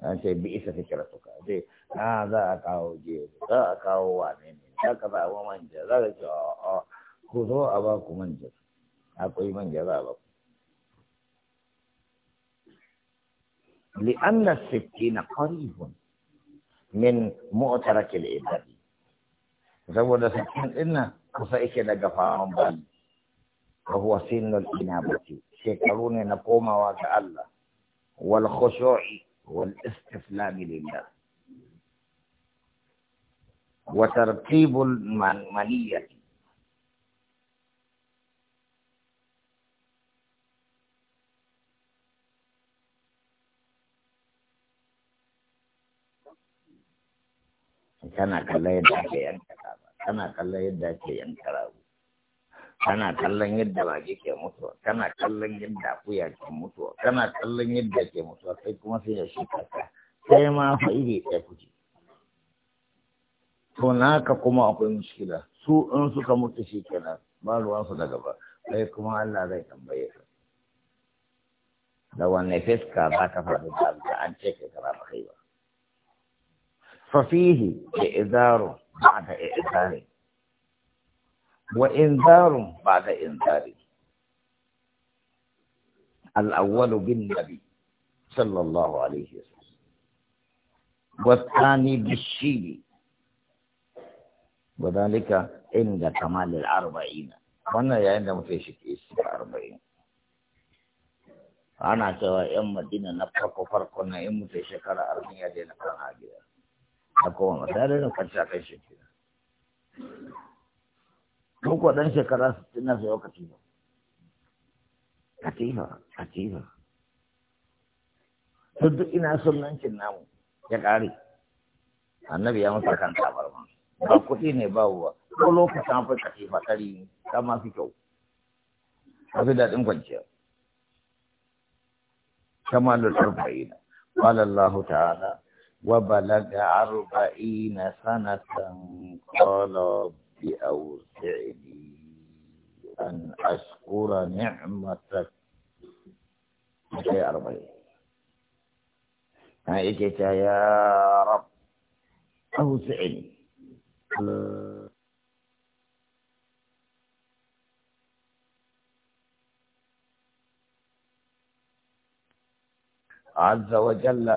an ce bi isa fikira suka ce a za a kawo je za a kawo wane ne za ka ba manja za ka ce ku zo a ba ku manja akwai manja za a ba ku لأن السكين قريب من مؤترك الإبل زود سكين إن كفائك لقفاء بل وهو سن الإنابة شكرون نقوم وجه الله والخشوع والاستسلام لله وترتيب المنية kana kallon yadda ake yanka kaza kana kallon yadda ake yanka rago kana kallon yadda mage ke mutuwa kana kallon yadda akuya ke mutuwa kana kallon yadda ke mutuwa sai kuma sai ya shi kaka sai ma fa iri ɗaya kuke to ka kuma akwai mushkila su in suka mutu shi kenan ba ruwansu daga ba sai kuma Allah zai tambaye ka da wanne fiska ba ta faru da an ce ka ba kai ba ففيه إعذار بعد إعذار وإنذار بعد إنذار الأول بالنبي صلى الله عليه وسلم والثاني بالشيء وذلك عند كمال الأربعين وانا يا في مفيشك إيسي أربعين أنا سواء يوم الدين نفرق فرقنا يوم في شكرا أرمية دينا كان عاجلا a kowa masu yare na kwanci a kan shekara ko kuwa ɗan shekara sittin na sayo katifa katifa katifa to duk ina sunancin namu ya ƙare annabi ya masa kan ma ba kuɗi ne ba uwa ko lokacin akwai katifa tari ne ta ma fi kyau ta fi daɗin kwanciya kamalul arba'ina qala Allah ta'ala وبلغ أربعين سنة قال بأوسعني أوسعني أن أشكر نعمتك في أربعين عائشة يا رب أوسعني عز وجل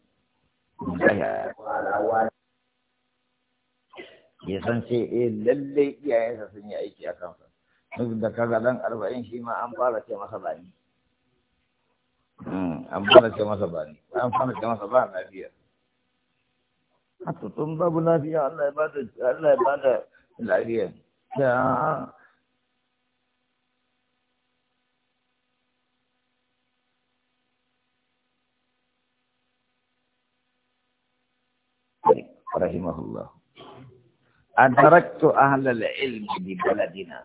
ya san ce eh lalle iyayensa sun yi aiki a kansa duk da kaga dan arba'in shi ma an fara ce masa bani hmm, an fara ce masa bani an fara ce masa ba lafiya a tutun babu lafiya Allah ya bada Allah ya bada lafiya رحمه الله أدركت أهل العلم ببلدنا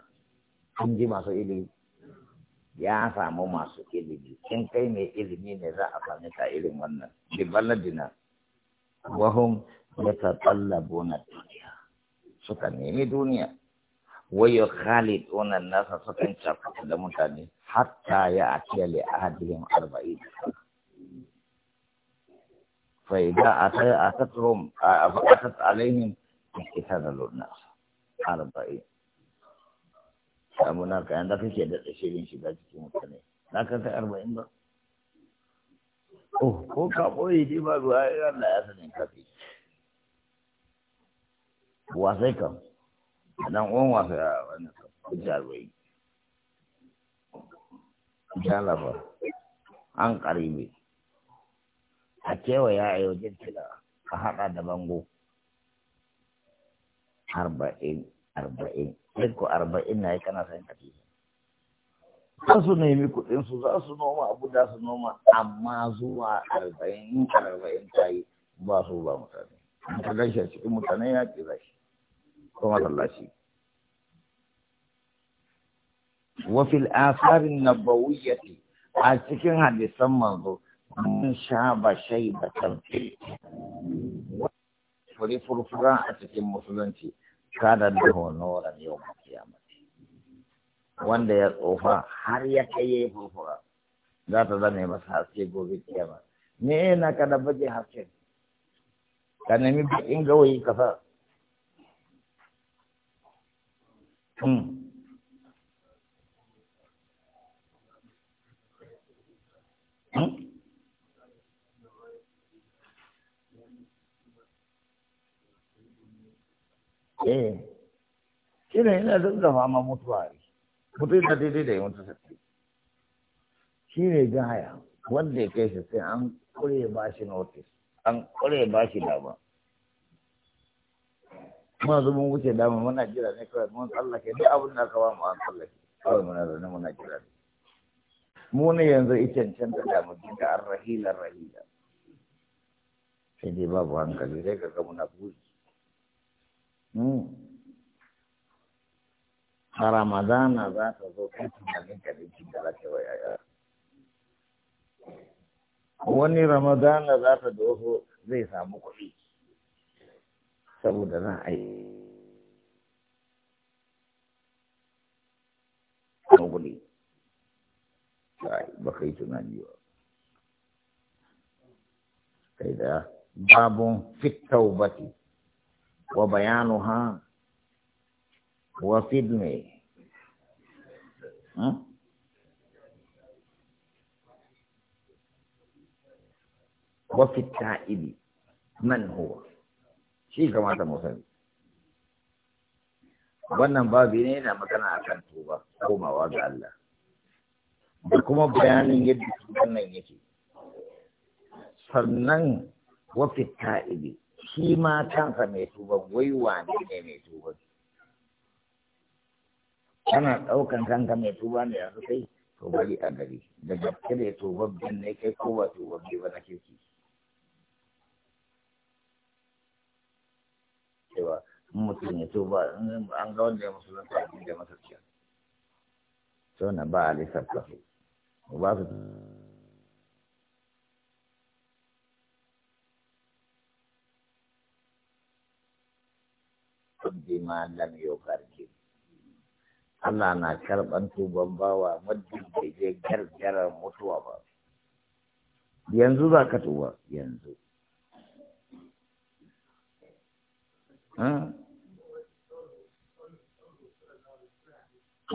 عندي ما سئلي ya samu masu ilimi in kai mai ilimi ne za a sami ka irin wannan bi baladina wahum yatatallabu na duniya suka nemi duniya wayo khaliduna nasa sukan cakuta da mutane hatta ya atiya li ahadihim arba'in فإذا أتتهم أتت عليهم انقتال الناس على samu na كأن yanda kake da shirin shiga cikin mutane na ka ta arba'in ba ko ka boye dai ba ruwa ya Allah ya sanin ka wasai kam wasai wasa wannan kam kuji arba'in a kewaya a yaujin tila a haɗa da bango arba'in arba'in ɗinku arba'in na yi kana sayan katifa za su nemi kuɗinsu za su noma abu da su noma amma zuwa arba'in arba'in ta yi ba su ba mutane ta gashi a cikin mutane ya ƙi zashi kuma tallashi wafil asarin nabawiyati a cikin hadisan manzo mun sha ba shai ba tamfi Wani furfura a cikin musulunci kada da honoran yau ma kiyama wanda ya tsofa har ya kai ya yi furfura za ta zame masa haske gobe kiyama me na da baje haske ka nemi bakin gawayi kasa eh shi ne yana da ma mutuwa ne mutum na daidai da yawan tattafi shi ne jihaya wanda ya kai shi sai an kure ba shi notice an kure ba shi dama muna zo mun wuce dama muna jira ne kawai mun tsallake duk abin da aka ba mu an tsallake kawai muna zaune muna jira ne mu ne yanzu icen can ta damu duka an rahila rahila sai dai babu hankali sai ka ga muna buji Ramadana za ta zo kai tunanin ka dinki da za ka waya ya. Wani Ramadana za ta doso zai samu kuɗi. Saboda za a yi. Kuɗi. Ba kai tunani ba. Kai da babun fit taubati. وبيانها وصدمه وفي التائب من هو shi kamata mu sani wannan babi ne na magana akan tuba komawa ga Allah da kuma bayanin yadda nan yake sannan wafi ta'ibi shi ma kansa mai tuban wai wane ne mai tuban kana ɗaukan kanka mai tuba ne yanzu kai to bari a gari da gaske tuba din ne kai ko ba tubabbi ba na kirki cewa mutum ya tuba an ga wanda ya musulunta a da masarciya to na ba a lissafta ba su bima lam yukarki Allah na karban tuban bawa muddin je gargarar mutuwa ba yanzu za ka tuba yanzu hmm?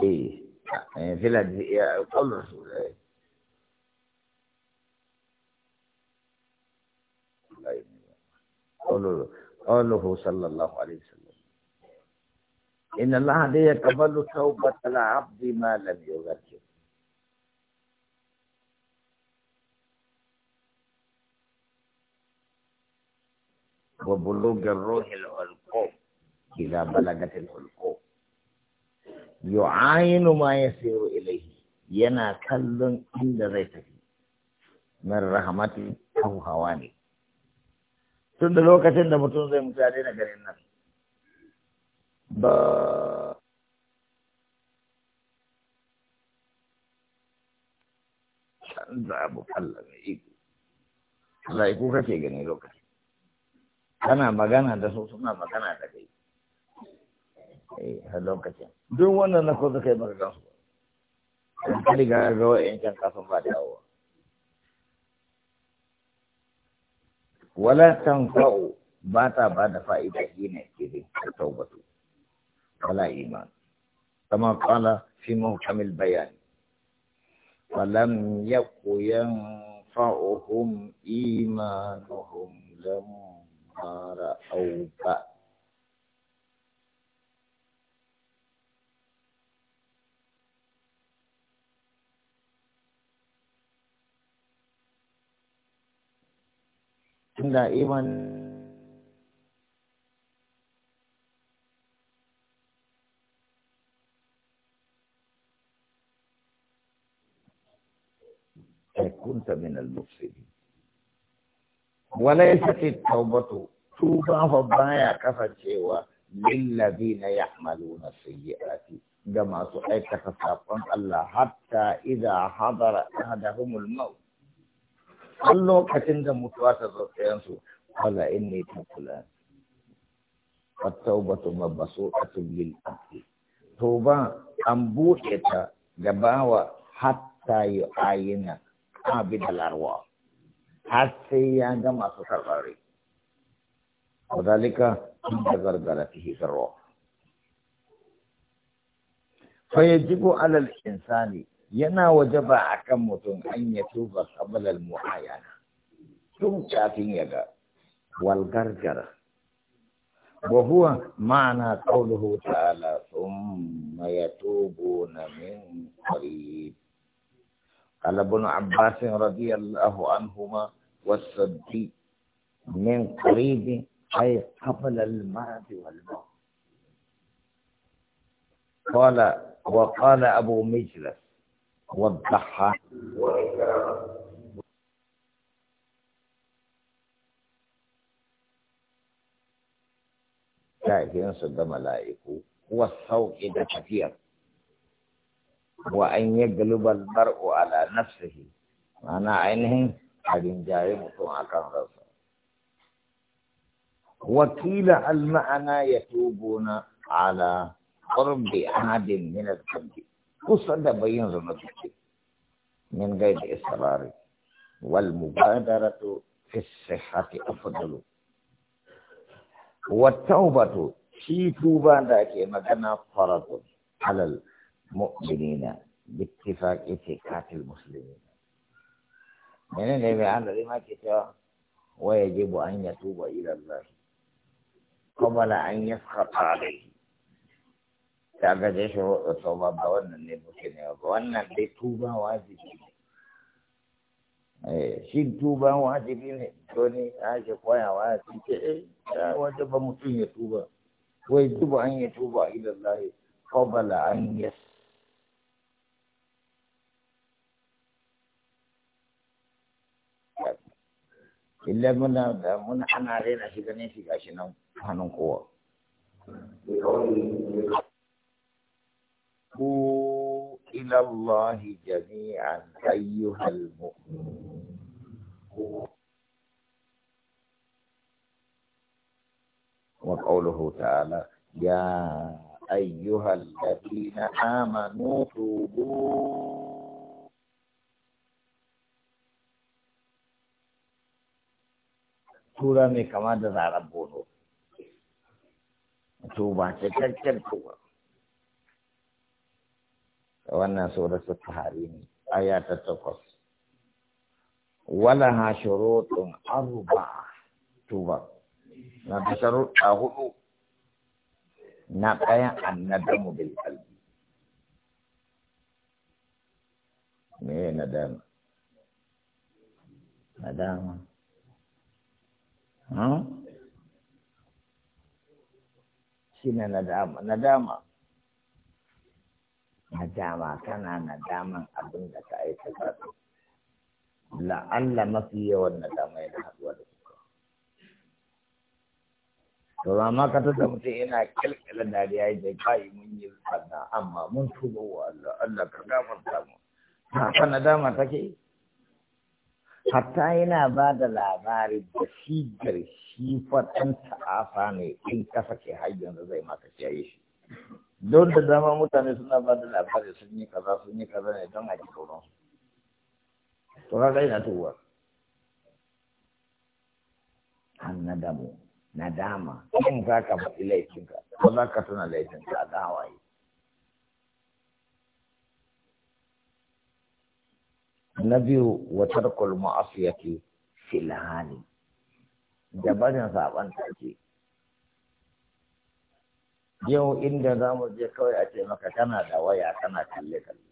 Eh, eh ya su قوله صلى الله عليه وسلم إن الله لا يقبل توبة العبد ما لم يغرر وبلوغ الروح الألقاب إذا بلغت الألقاب يعاين ما يسير إليه ينا كل عند ريته من رحمته أو هواني تندلوك لوكتين دمتون زي متعدين أجرين نفسه ba canza abu Allah mai iko laiku kake gani lokaci kana magana da su suna magana da kai eh, a lokacin don wannan na kusa kai maka gansu ka riga ga wa'in can kafin ba dawowa wala tanfa'u ba ta ba da fa'ida shi ne ke da taubatu على إيمان كما قال في محكم البيان فلم يق ينفعهم إيمانهم لما رأوا بأس tunda كنت من المفسدين وليست التوبة توبة فبايا شوى للذين يحملون السيئات كما سحيت خسافا الله حتى إذا حضر أحدهم الموت قالوا كتند متواتى الرسيانسو قال إني تقلان التوبة مبسوطة للأهل توبة أنبوحة جباوة حتى يعاينك عابد الأرواح حتى يعجم أسوك الغري وذلك عند غرغرته في الروح فيجب على الإنسان ينا وجب أكمة أن يتوب قبل المعاينة ثم كافين يقى والغرغرة وهو معنى قوله تعالى ثم يتوبون من قريب قال ابن عباس رضي الله عنهما والصديق من قريب أي قبل المرض والموت قال وقال أبو مجلس والضحى كائنس صد ملائكه wasu sauƙi اذا كثير وأن يقلب المرء على نفسه أنا عينه قد جاي مطمئن رسول وكيل المعنى يتوبون على قرب أحد من الذنب قصد بين رمضك من غير إصرار والمبادرة في الصحة أفضل والتوبة في توبة ذاك مكان فرض على mu'minina bittifaqi katil muslimin menene mai an da ma ke cewa wa yajibu an yatuba ila Allah qabla an yaskhata alayhi ta ga dai shuruɗu tauba ba ba wannan ne muke ne ba wannan dai tuba wajibi ne eh, shin tuba wajibi ne to ne a shi koyawa su ce eh wajaba mutum ya tuba wai tuba an ya tuba ila Allah qabla an yas إلا من من حنارين أشكاني في كاشنام حنون قوة. إلى الله جميعا أيها المؤمنون وقوله تعالى يا أيها الذين آمنوا توبوا tura mai kama da zarar bono to ba cikakken tuwa wannan suratul tahari ne aya ta takwas wala ha shurutun arba tuba na ta sharuɗa hudu na ɗaya mu bil qalbi me nadama nadama shi ne nadama nadama kana nadaman abin da ka aikata la'alla mafi yawan nadama yana haɗuwa da kuka to ba ma ka tada mutum yana kyalkyala dariya ya kayi mun yi sannan amma mun tuba wa Allah Allah ka gafarta mu ta nadama take hatta yana ba da labari da shi shi faɗin ta'afa ne in kasa ke hajjin zai maka kiyaye shi don da dama mutane suna ba da labari sun yi kaza sun yi kaza ne don a ji kauran to kaga ina tuwa an Na na dama in za ka faɗi laifinka ko za ka tuna laifinka a dawaye na biyu watar tarkul ma'asiyati ke, hali da barin saban take yau inda za mu je kawai a ce maka kana da waya kana kalle kalle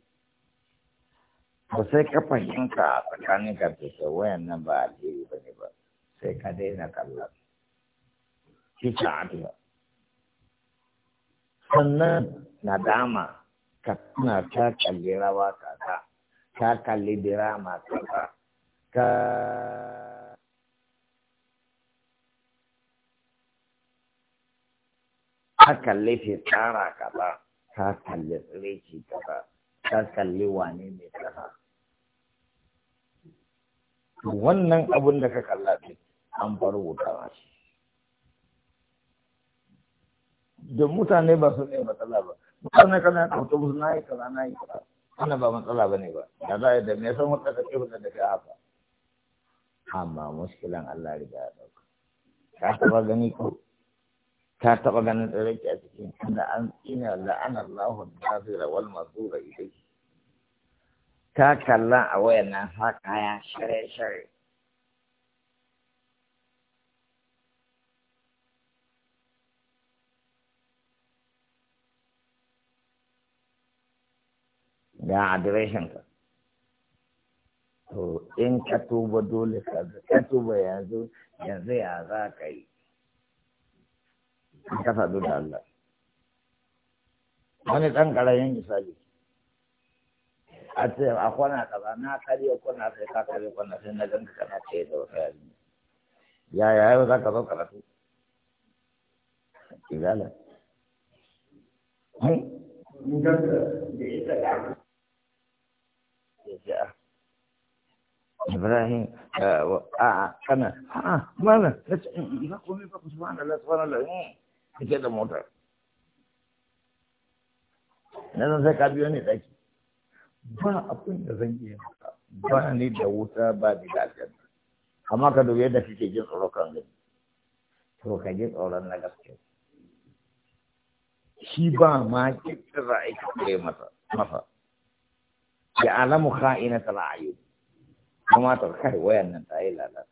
Ba sai ka fahimta a tsakanin ka ta wayan nan ba alheri ba ne ba sai ka daina kallon shi ta sannan nadama ka tuna ta kalle rawa kaka ka kalli dira kaza ka ka kalli fitara kaza ka kalli tsireci kaza ka kalli wane ne kaza wannan abun da ka kalla ɗin an farubuta shi don mutane ba su ne matsala ba mutane kana musu na yi kaza na yi kaza wannan ba matsala ba ne ba da za a da me san wata kake hudu da kai haka amma muskilan Allah riga ya dauka ta taba gani ko ta taba ganin tsirrai a cikin inda an ina la'anar lahun zira wal mazura idai ta kalla a wayan nan sa kaya share-share ga adireshin ka to in ka tuba dole ka ka tuba yanzu yanzu ya za ka yi ka sadu da Allah wani ɗan ƙarayen misali a ce a kwana kaza na karya kwana sai ka karya kwana sai na ganka kana ce da wata yarinya ya ya yau za ka zo karatu igala Ibrahim eh, a kana a malam na ce in mm, mm, ba komai ba ku subhanallah subhanallah ne ke da motar na zan sai ka biyo ne daki ba abin da zan iya maka ba ni da wuta ba ni da aljanna amma ka dubi yadda kake jin tsoro kan gani to ka ji tsoron na gaske shi ba ma kitta za a yi masa masa ya alamu kha'inatul ayun kamata kai wayan nan ta yi lalata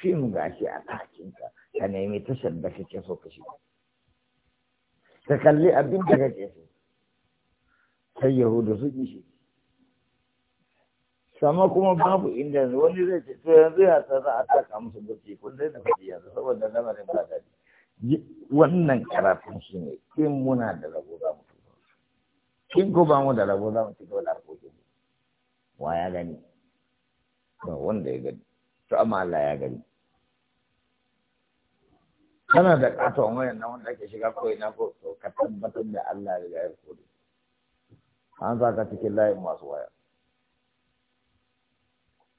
fim gashi a ɗakinka ka nemi tashar da kake so ka shiga ka kalli abin da kake so sai yahudu su ji shi sama kuma babu inda wani zai ce to yanzu ya ta za a taka musu gurbi kun dai da yanzu saboda lamarin ba daɗi wannan karatun shi ne in muna da rabo za mu ko ba mu da rabo za mu ci dole da harkokin mu wa ya gani ba wanda ya gani to amma Allah ya gani kana da katon wayan nan wanda ake shiga ko ina ko to ka tabbatar da Allah ya gaya ku an sa ka cikin layin masu waya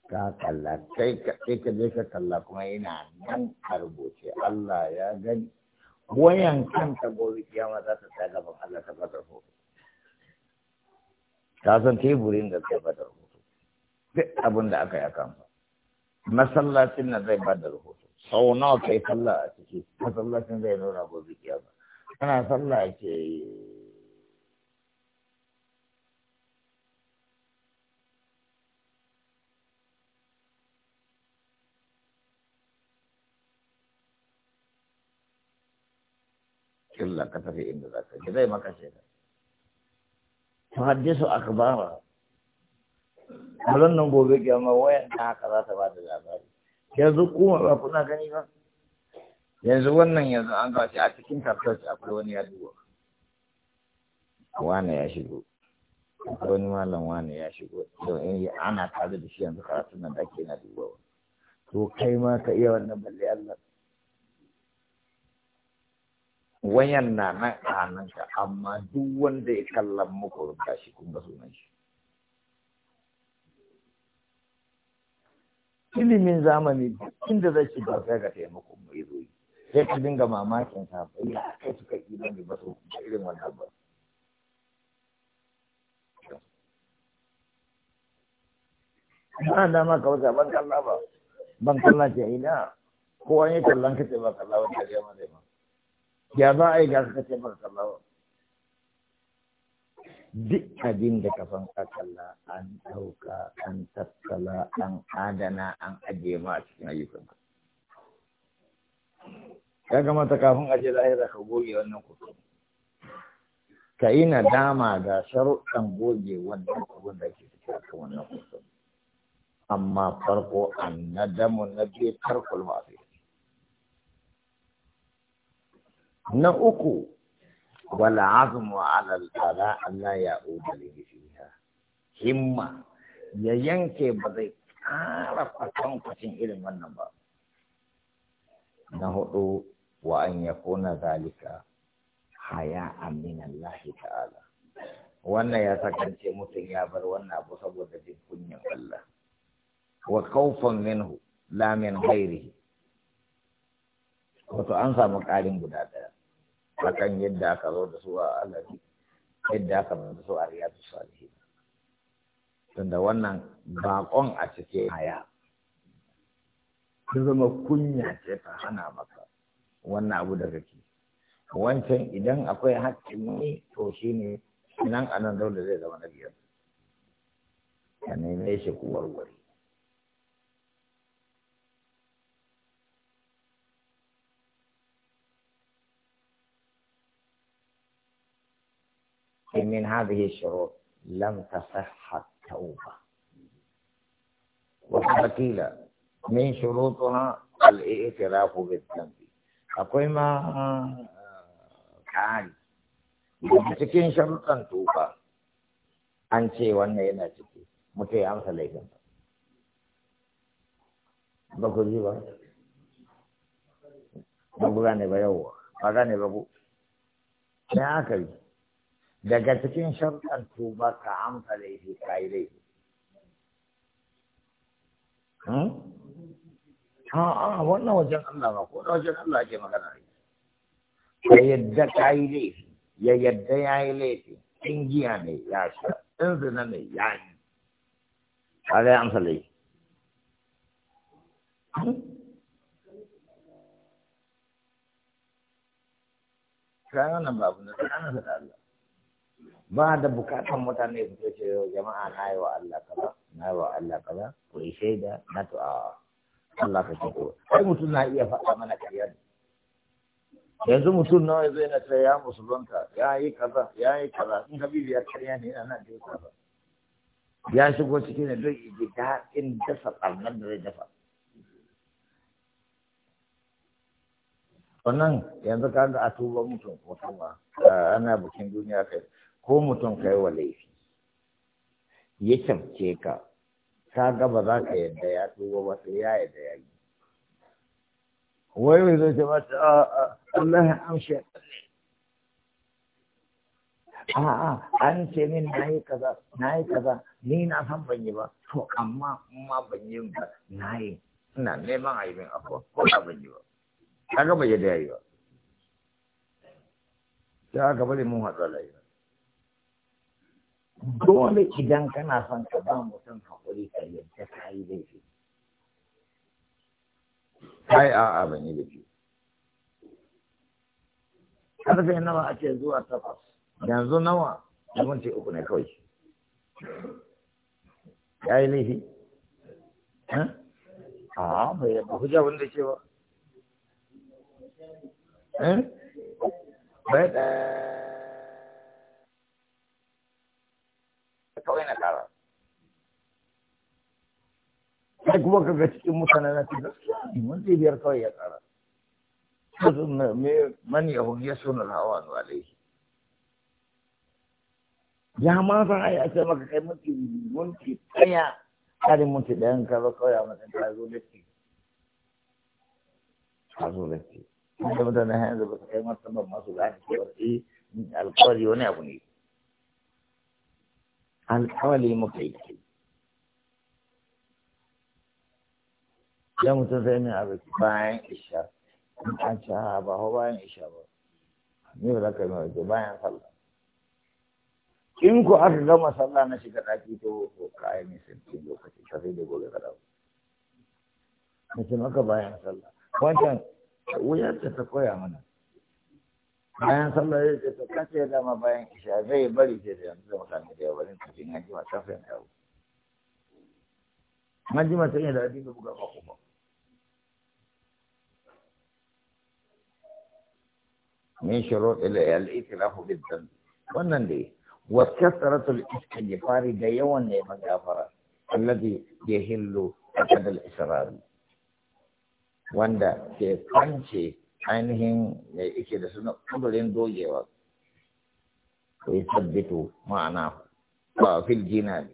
ka kalla kai ka kai ka je ka kalla kuma ina nan karboce Allah ya gani wayan kanta gobe kiyama za ta tsaya gaban Allah ta fadar ko. ka san teburin da ta fadar ko duk abin da aka yi a kansa masallacin na zai ba da rahoto sau nawa kai sallah a ciki masallacin zai nuna gobe kiyama ana sallah ke killa ka tafi inda za ka ji zai maka shekara tuhaddisu akbara a nan gobe kyamma wayan ta haka za ta ba da labari yanzu kuma ba kuna gani ba yanzu wannan yanzu an gashi a cikin tartarci akwai wani ya duba wane ya shigo wani malam wane ya shigo don in eh, ana tare da shi yanzu karatun nan da ake na duba to kai ma ka iya wannan balle Allah wayan na nan a hannunka amma duk wanda ya kallon muku rubuta shi kun ga sunan shi ilimin zamani inda zai ci ba sai ka taimako mai zoyi sai ka dinga mamakin ka ba ya kai suka yi ba su irin wannan ba ba dama ka wata ban kalla ba ban kalla ce ina kowa ya kallon ka ce ba kalla wata ya ma zai ma ya za a yi ga ka ce ba kalla ba duk abin da ka san kakalla an ɗauka an tattala an adana an ajiye ma a cikin ayyukan ka ya kamata kafin aje lahira ka goge wannan kuɗi ka yi nadama gasar sharuɗan goge wannan kuɗin da ke cikin ka wannan amma farko an nadamu na biyu tarkul masu na uku wal azmu ala al ala Allah ya uda li himma ya yanke ba zai kara fatan kwacin irin wannan ba na hudu wa an yakuna zalika haya min Allah ta'ala wannan ya sakance mutum ya bar wannan abu saboda jin kunyan Allah wa khawfan minhu la min ghairihi wato an samu ƙarin guda ɗaya akan yadda aka zo da su a alabi yadda aka zo da su a riyadu tunda wannan bakon a cike haya sun zama kunya ce ta hana maka wannan abu da kake wancan idan akwai haƙƙin ne to shi ne nan anan dole zai zama na biyar ka neme shi kuwar wari من هذه الشروط لم تصح التوبة وقيل من شروطها الاعتراف بالذنب أقول ما كان متكين شرطا توبة أن شيء وأن أنا شيء متي أمس ليكن بقول بيوه أنا بقول ما أكل daga cikin sharɗan tuba ka amsa laifi ka yi laifi hmm? a'a wannan wajen Allah ba ko da wajen Allah ke magana ne. ya yadda ka yi laifi ya yadda ya yi laifi in giya ne ya sha in zina ne ya yi ba zai amsa laifi hmm? kayan nan babu na tsakanin da Allah ba da bukatan mutane su ce jama'a na yi wa Allah kaza na yi wa Allah kaza ku yi shaida na to a Allah ka kiko sai mutum na iya faɗa mana ƙarya yanzu mutum na zai yana ce ya musulunta ya yi kaza ya yi kaza in ka bibiya ƙarya ne yana da kaza ya shigo cikin da duk iji ta in dasa nan da zai dafa wannan yanzu kaga a tuba mutum ko ana bikin duniya kai ko mutum kai wa laifi ya camce ka ka ga ba za ka yadda ya tuba ba sai ya yadda ya yi wai mai zai ba ta Allah ya amshi a'a an ce min na yi kaza na yi kaza ni na san ban yi ba to amma ma ban yi ba na yi ina neman a yi min afuwa ko na ban yi ba ka ga ba yadda ya yi ba ta ga bari mun hatsa lafiya dole idan kana son ka ba mutum haƙuri ka yadda ka yi laifi kai a abin yi laifi karfe nawa ake zuwa takwas yanzu nawa minti uku ne kawai ya yi laifi a bai yadda hujja wanda ke ba bai ɗaya ta kawai na ƙara sai kuma ka ga cikin mutane na cikin minti biyar kawai ya ƙara man yahun ya suna hawa ya ma a ce maka kai minti minti ɗaya ƙarin ka zo kawai a ka zo ka zo mutane ba su kai ba masu eh, alkawari wani abu ne عن حوالي مبعيد يا متزين عبد باين إشار من أشها أبوه باين إشار نقول لك ما هو باين صلى إنكو أرض ما صلى نشيك راكي تو كائن سنتين لو كتير شديد يقول لك راو نسمعك باين صلى وانت ويا تتكوي أمانك bayan sallah ya ce to kace ya dama bayan isha zai bari ce da yanzu zama sami da yawa ta jin hanji ma tafiya na yawo hanji ma sai da addini buga ba min shurut ila al-itlafu bid-dhanb wannan dai wa kasratul istighfari da yawan ne magafara alladhi yahillu akad al-israr wanda ke kance ainihin ya ike da suna kudurin dogewa ko yi sabbito ma'ana ba fil jina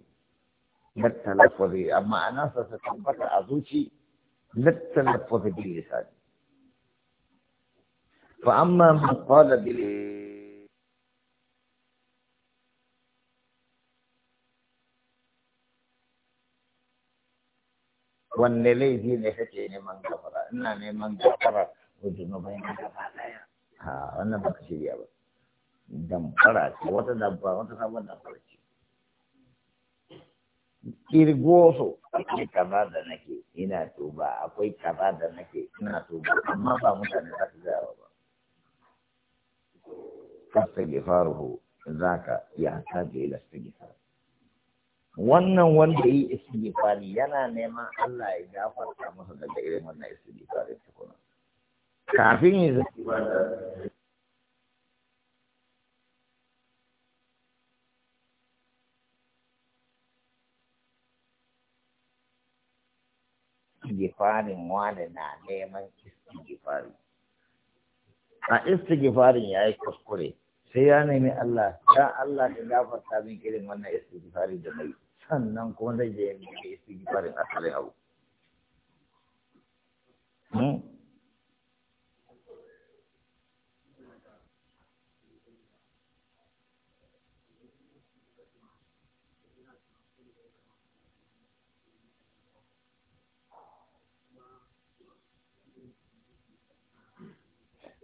ne na amma ana sa su tabbata a zuci na talafazi bil lisani fa amma man qala bil wanne laifi ne kake neman gafara ina neman gafara ko bayan na gaba daya ha wannan ba ka shirya ba fara ce wata dabba wata sabon damfara ce kirgo su akwai kaza da nake ina tuba akwai kaza da nake ina tuba amma ba mutane za su gaya ba fasta gifaruhu za ka ya ta ga ila wannan wanda yi istighfari yana neman Allah ya gafarta masa daga irin wannan istighfarin tukuna kafin yi zai istigifarin wani na neman istigifari a istigifarin ya yi kuskure sai ya nemi Allah ya Allah da gafarta min irin wannan istigifari da mai sannan kuma zai je mai istigifarin asalin abu hmm?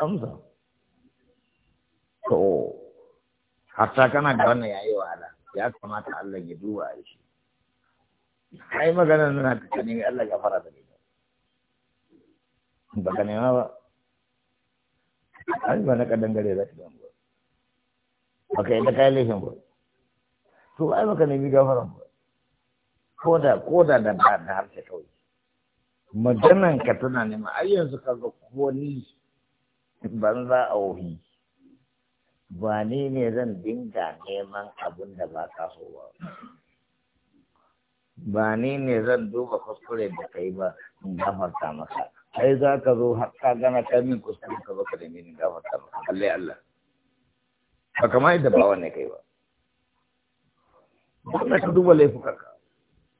hamza to hatta kana ga wannan yayi wahala ya kamata Allah ya duba shi kai magana na ta ne Allah ya fara da ni ba ka nema ba ai ba na kadan gare za ka ba ba kai da kayan laifin ba to ai ba ka nemi gafaran ba ko da ko da da sai kawai maganan ka tana nema ai yanzu ka ga ko ni banza a wuhi ni ne zan dinga neman abin da ba ka so ba ba ni ne zan duba kuskure da kai ba in gafarta maka Ai za ka zo har ka gana kai min kuskure ka baka da ni in gafarta maka Allah Allah ba kama yadda ba wanne kai ba wannan ka duba laifukan ka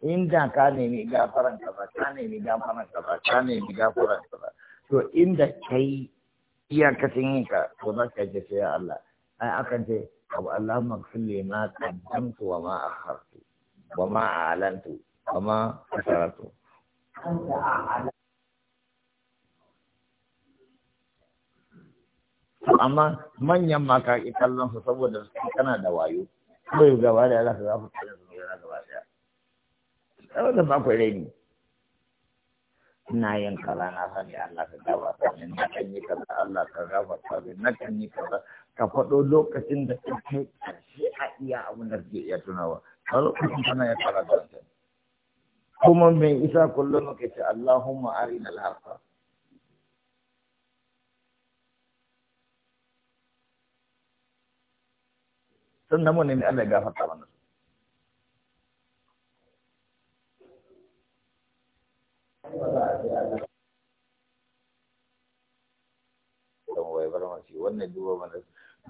inda ka nemi gafaran ba ka nemi gafaran ba ka nemi gafaran ba to inda kai iyakacin yin ka to ba ka ce ya Allah ai akan ce abu Allah ma kulli ma qaddamtu wa ma akhartu wa ma a'lantu wa ma asaratu amma manyan maka ki kallon su saboda kana da wayo kawai gaba da Allah ka zafi kallon su gaba da saboda ba ku raini ina yin kaza na sani Allah ka gabata min na kan yi kaza Allah ka gabata min na kan yi kaza ka faɗo lokacin da ka kai ƙarshe a iya abin da ke iya tunawa a lokacin kana ya fara da kuma mai isa kullum ka ce Allahumma arina al-haqa sannan mu ne Allah ya gafarta mana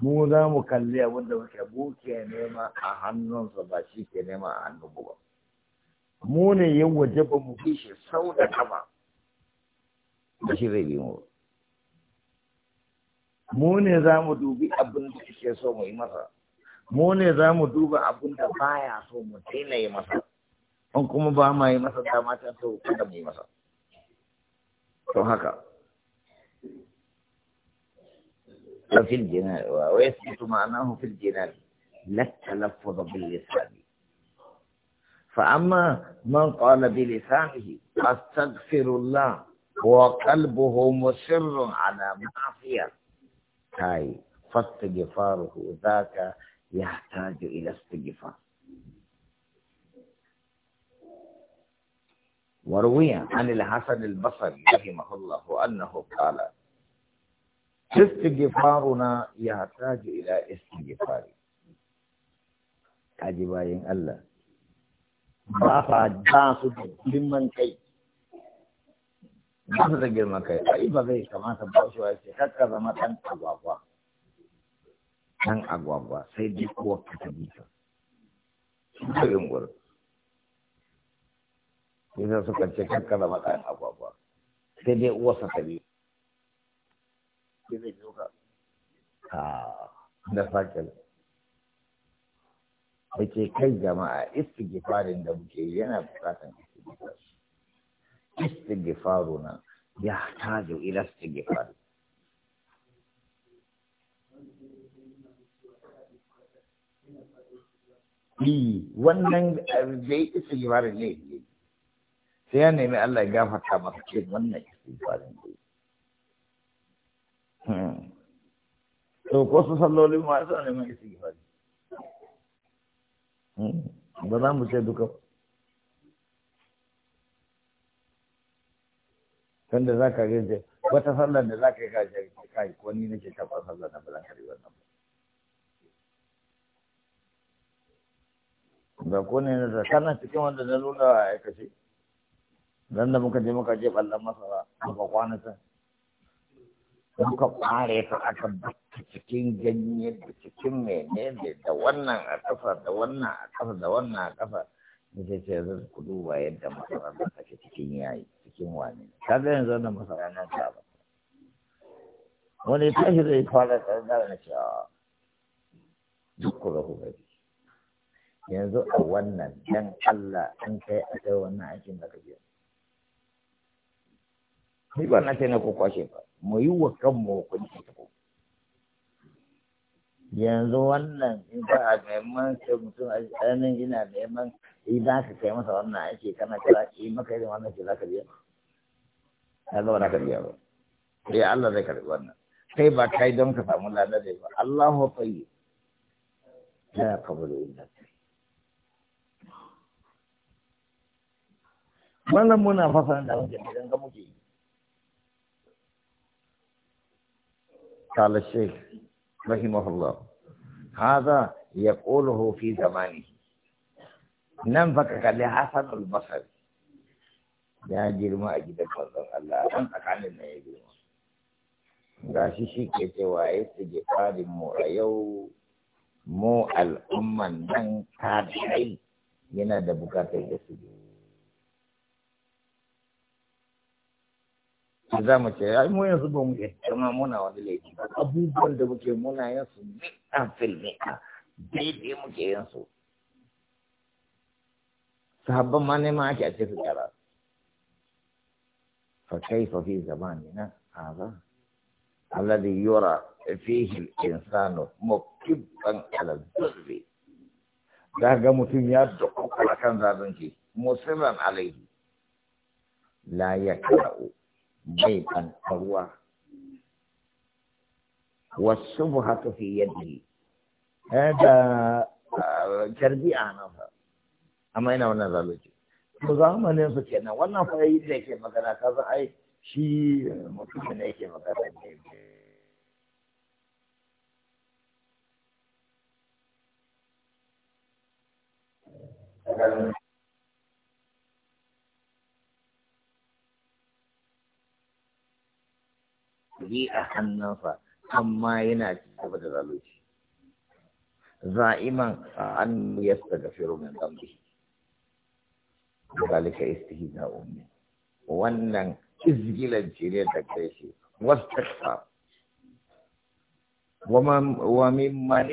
mu za mu kalli abin da muke mu ke nema a hannunsa ba shi ke nema a hannun ba mu ne ya waje ba mu fi shi sau da kama da shi zai bi mu mu ne za mu dubi abin da ke so mu yi masa mu ne za mu duba abin da baya so mu daina yi masa in kuma ba ma yi masa dama can to kada mu yi masa to haka في الجنان ويثبت معناه في الجنان لا التلفظ باللسان فأما من قال بلسانه أستغفر الله وقلبه مصر على معصية هاي فاستغفاره ذاك يحتاج إلى استغفار وروي عن الحسن البصري رحمه الله انه قال استغفارنا يحتاج الى استغفار كاجي باين الله با فا جاسو لمن كاي جاسو تغير ما كاي اي بغي كما تبوشو اي سيخات كذا تن اغوابا تن اغوابا سيدي قوة كتبيتا سيدي قوة كتبيتا yasa suka ce kakka zama kayan agwagwa sai dai uwarsa ta biyu zai biyo ka da fakil da ke kai jama'a istighfarin da muke yana bukatan istighfar istighfaru na ya tajo ila istighfar wannan da eh, ya istighfarin ne sai ya nemi Allah ya gafarta masa ce wannan istighfarin da hmm. to ko su salloli ma su neman istighfari hmm. ba za mu ce duka tunda za ka gaje wata sallar da za ka yi kaji kai ko ni nake taɓa sallar na ba ka wannan ba ba ko ne na kana cikin wanda na nuna a aikace dan da muka je muka je ballan masara muka kwana ta muka fare ta aka bata cikin ganye da cikin menene da wannan a kafa da wannan a kafa da wannan a kafa ne ce ce zan ku duba yadda masara da take cikin yayi cikin wani kaga yanzu wannan masara nan ta ba wani tashi zai fara da na ce a duk ku ku yanzu a wannan dan Allah an kai a kai wannan aikin da kake yi ni ba na tana ko kwashe ba mu yi wa kanmu hukunci ta ku yanzu wannan in ba a neman sai mutum a tsananin ina neman idan ka kai masa wannan aiki kana kira yi maka irin wannan ce zaka biya na zama na ka biya ba sai Allah zai karbi wannan kai ba kai don ka samu lada dai ba Allahu tayyib ya kabulu illa wannan muna fasa da wajen idan ga muke yi قال الشيخ رحمه الله هذا يقوله في زمانه ننفك قال حسن البصري ya girma a gidan manzon Allah kan tsakanin na ya girma ga shi ke cewa ya tsige tsarin mu a yau mu al'umman nan ta yana da bukatar da su girma za mu ce ai mu yanzu ba mu yadda muna wani laifi ba abubuwan da muke muna yin su mi'a fil mi'a daidai muke yin su sahabban ma nema ake a cikin kara fa kaifa fi zamanina hadha alladhi yura fihi al-insanu mukibban ala dhurri ga mutum ya dukkan kan zalunci musiran alaihi la yakra'u bai kankaruwa wasu haka fi yadda yi eh, da carbi a hannunsa amma yana wannan zalunci to zamanin su ke nan wannan fa yayin da yake magana ka san ai shi mutum ne yake magana ne Thank you. kuɗi a hannunsa amma yana cikin da zalunci za'iman an yastaghfiru min dhanbi zalika istihda'u min wannan izgilan ne da kai shi wastaghfar wa man ta mimman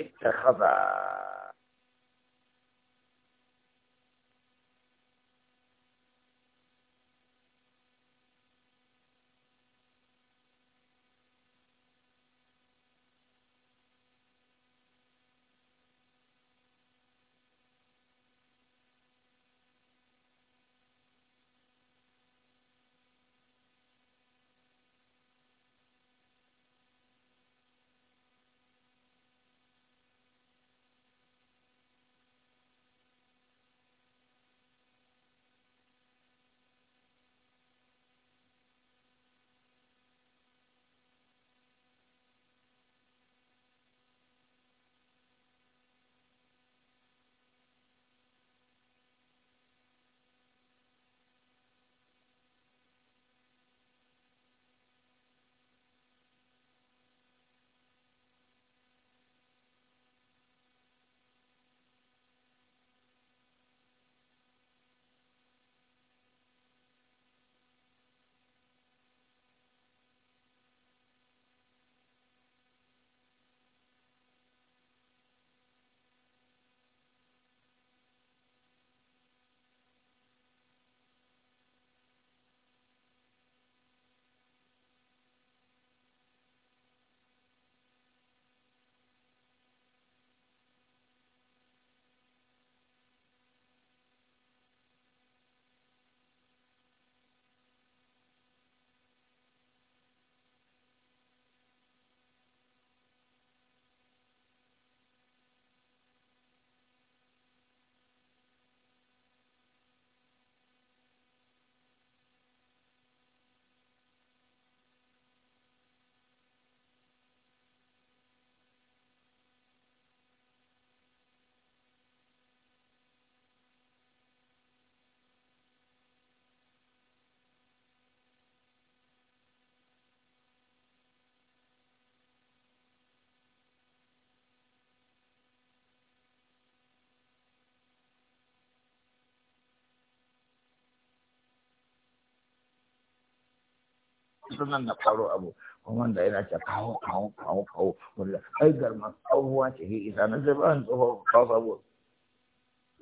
sunan na faro abu kuma yana ce kawo kawo kawo kawo wanda ai garma tsohuwa ce ke isa na zai ban tsoho kawo sabuwa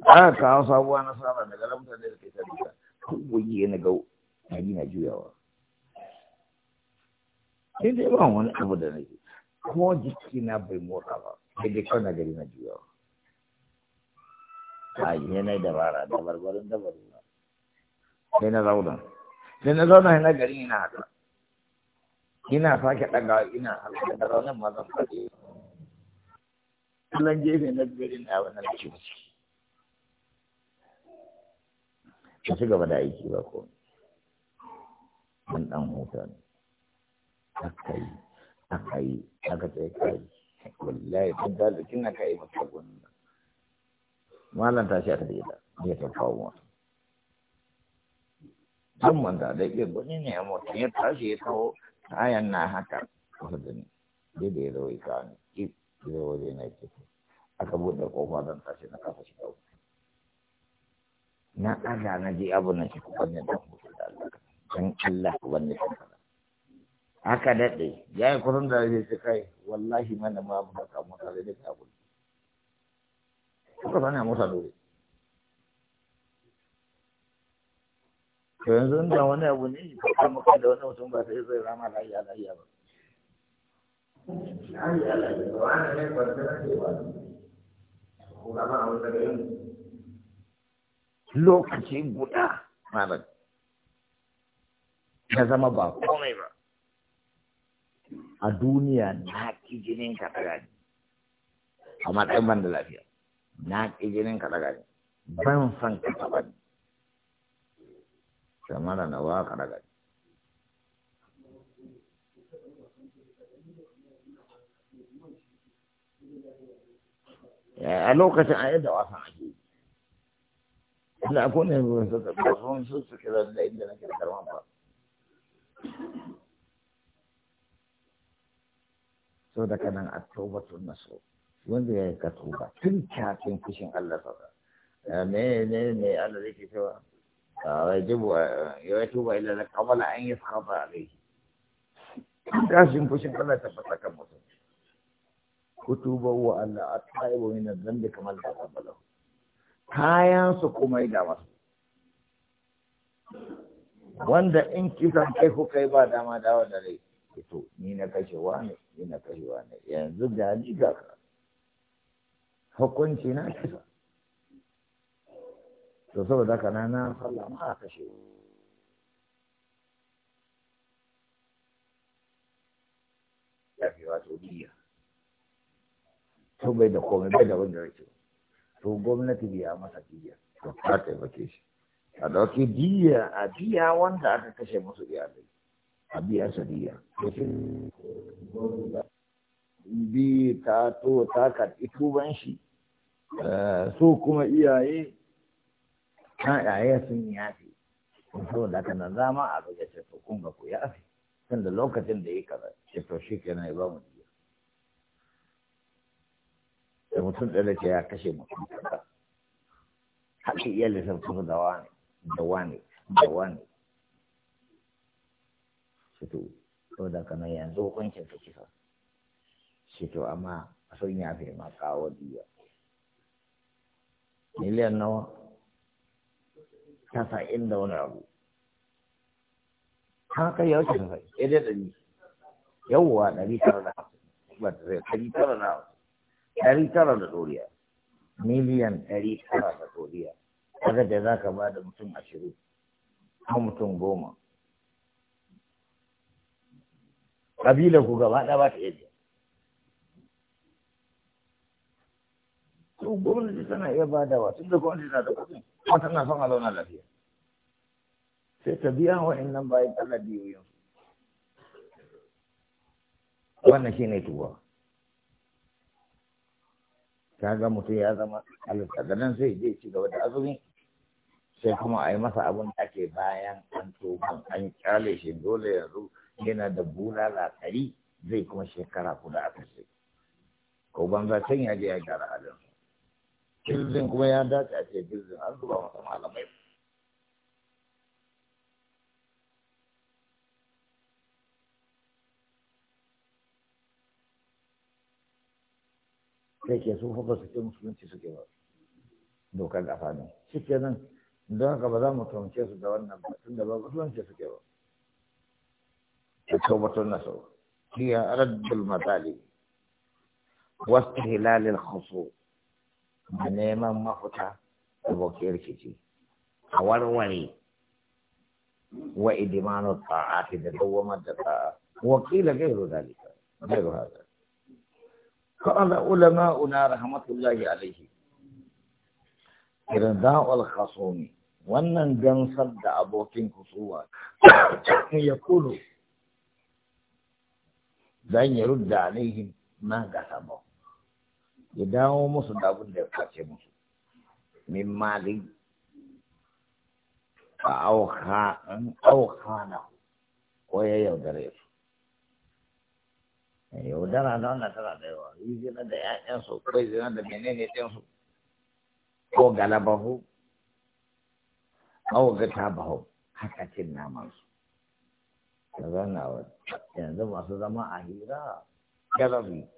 a kawo sabuwa na saba daga lamta da ke na gau na yi na juyawa sai dai ba wani abu da nake ko jiki na bai ba sai dai kawai na gari na juyawa a yi na dabara da barbarin sai na zauna sai na zauna na gari na haka ina sake ɗaga ina halka da raunin ma zan faɗi kallon gefe na biyarin na wannan da ke ka ci gaba da aiki ba ko an ɗan huta ne aka yi aka yi aka tsaye kai wallahi tun da zikin na kai masa gudun nan malam tashi aka daida ya ta kawo masa sun manta da ke gudun ne a mutum ya tashi ya kawo ayan na haka kurdin da ya zo ika ne ki zo waje na ce aka buɗe kofa don tashi na kafa shiga wuta na ɗaga na ji abu na shi kuma ne don mutu da Allah don Allah kuma ne shi kaza aka daɗe ya yi kurin da zai ci kai wallahi mana ma ba ka mutane da ta gudu sani a musa dole to yanzu da wani abu ne ka maka da wani mutum ba sai zai rama lafiya lafiya ba lokaci guda malam ya zama ba komai ba a duniya na ki jinin ka daga ni a matsayin ban da lafiya na ki jinin ka daga ni ban san ka ba ni samara na waka daga a lokacin a yadda wasan ake ina akwai ne ruwan su da ruwan su su kira da inda na kira karman ba so da kanan a taubatun nasu wanda ya yi ka tuba tun kafin fushin Allah sauka me ne ne Allah zai ke cewa يجب يتوب إلى ذلك قبل أن يسخط عليه كاشم فشن الله تفتك مصر كتوبه وأن الطائب من الذنب كما لا قبله kayan su kuma yi da wanda in kisan kai ku kai ba dama dawa da rai ito ni na kashe wani ni na kashe wani yanzu da ni ga hukunci na kisa to saboda haka na na sallah ma a kashe ya fi wato biya to bai da komai bai da wanda yake to gwamnati biya masa biya to ta taimake shi a dauki biya a biya wanda aka kashe musu iyalai a biya su biya bi ta to ta karɓi tuban shi eh, su kuma iyaye yaya sun so saboda haka nan zama a rage ce to kun ga ku tun da lokacin da ya kaza ce to shi nan ya ba mu jiya da mutum ɗaya ce ya kashe mutum kaza haƙi iya lissafin da wani da wani da wani shi so saboda haka nan yanzu hukuncin ta kisa shi to amma sun yafe ma kawo jiya miliyan nawa tasa'in da wani abu haka ya wuce da ya dai ɗari yawwa ɗari tara da ɗari tara da ɗari tara da ɗoriya miliyan ɗari tara da ɗoriya kaga da za ka ba da mutum ashirin ko mutum goma ƙabilar ku gaba ɗaya ba ta iya biya to gwamnati tana iya ba da wa tun da gwamnati na da kuɗi wata na son a zauna lafiya sai ta biya wa nan bayan Allah biyoyin wannan shi ne tuwa ta ga mutum ya zama alƙadaran sai je ci gaba da azumi sai kuma a yi masa abin da ake bayan an tuban an kyale shi dole yanzu yana da bulala ɗari zai kuma shekara kuda a kasai ko banza can ya je ya gyara halin girzin kuma ya dace a ce girzin an zuba masa malamai sai ke sun fafa su musulunci suke ba dokar da ne shi ke nan don haka ba za mu kamce su da wannan ba tun da ba musulunci suke ba ta taubatar nasau hiya raddul matali wasu hilalin khusu a neman mafuta da bauki rikici a warware wa idimanu ta'ati da dawamar da ta'a wakila zai da gairu dalika gairu hada قال علماؤنا رحمة الله عليه إرداء الخصوم wannan gansar da abokin kusurwa ya kulu zan yi rudda alaihim ma ga sabon ya dawo musu da abin da ya kwace musu min mali a na ko ya yaudare su yaudara da wannan tana da yawa yi zina da 'ya'yansu ko zina da menene ɗinsu ko galabahu ko ga tabahu haka cin namansu ka wani. yanzu masu zama a hira galabi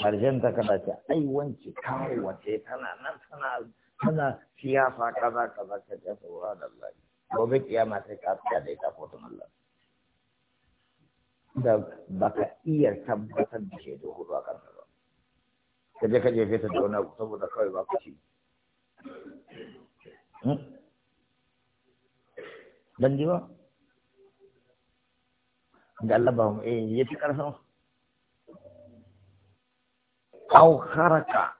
harshen ta kada ce ai wance kawo wace tana nan tana tana siyasa kaza kaza ka ce saura da Allah gobe kiyama sai ka tsaya da ita ko tun Allah da baka iya tabbatar da shaidu hudu a kansa ba ka je ka je ta da wani abu saboda kawai ba ku ci hmm? ban ji ba da Allah ba mu eh yafi karfin أو خرق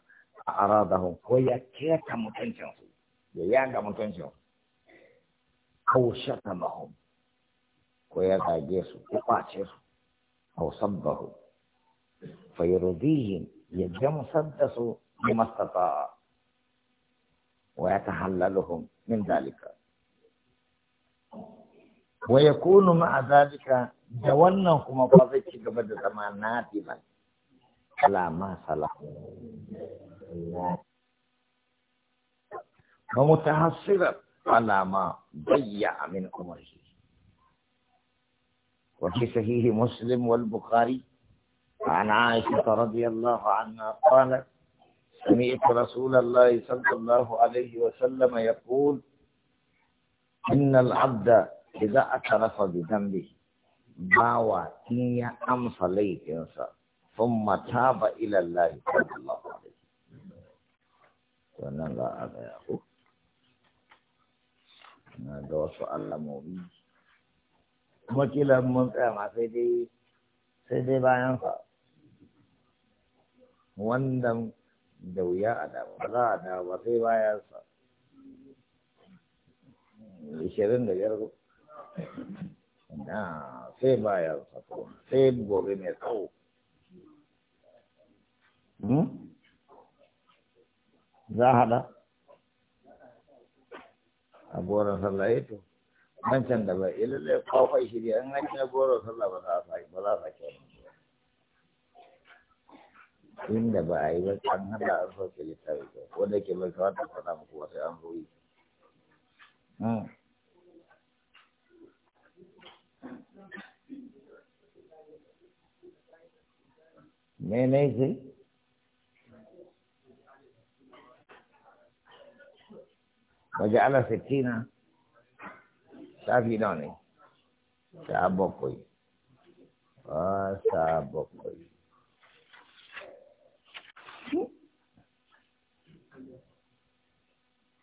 أعراضه ويكيت متنشن ييانغ متنشن أو شتمهم ويغاجيسو يقاتر أو صبه فيرضيهم يجم صدسوا لما استطاع ويتحللهم من ذلك ويكون مع ذلك جوانا كما فضيك قبل زمان ناتي على ما صلح ومتحسرا على ما ضيع من عمره وفي صحيح مسلم والبخاري عن عائشة رضي الله عنها قالت سمعت رسول الله صلى الله عليه وسلم يقول إن العبد إذا اعترف بذنبه باوى إن أمس ليتنسى ثم تاب إلى الله صلى الله wannan za aka gaya ko na da wasu allamomi kuma kila mun tsaya ma sai dai sai dai bayan sa wannan da wuya a damu ba za a dama ba sai bayan sa ishirin da biyar na sai bayan sa sai gobe mai tsawo Hmm? za a haɗa a goron sallah ya eh to wancan da bai ilalai eh kwafai shirya an hanci na goron sallah ba za a sake ba za a sake wani inda ba a yi ba an hada an sauke littafi ba wanda ke bai kawata faɗa muku wasu an zo yi hmm. me ne sai وجعل ستين شافي سابقوي شابوكوي آه،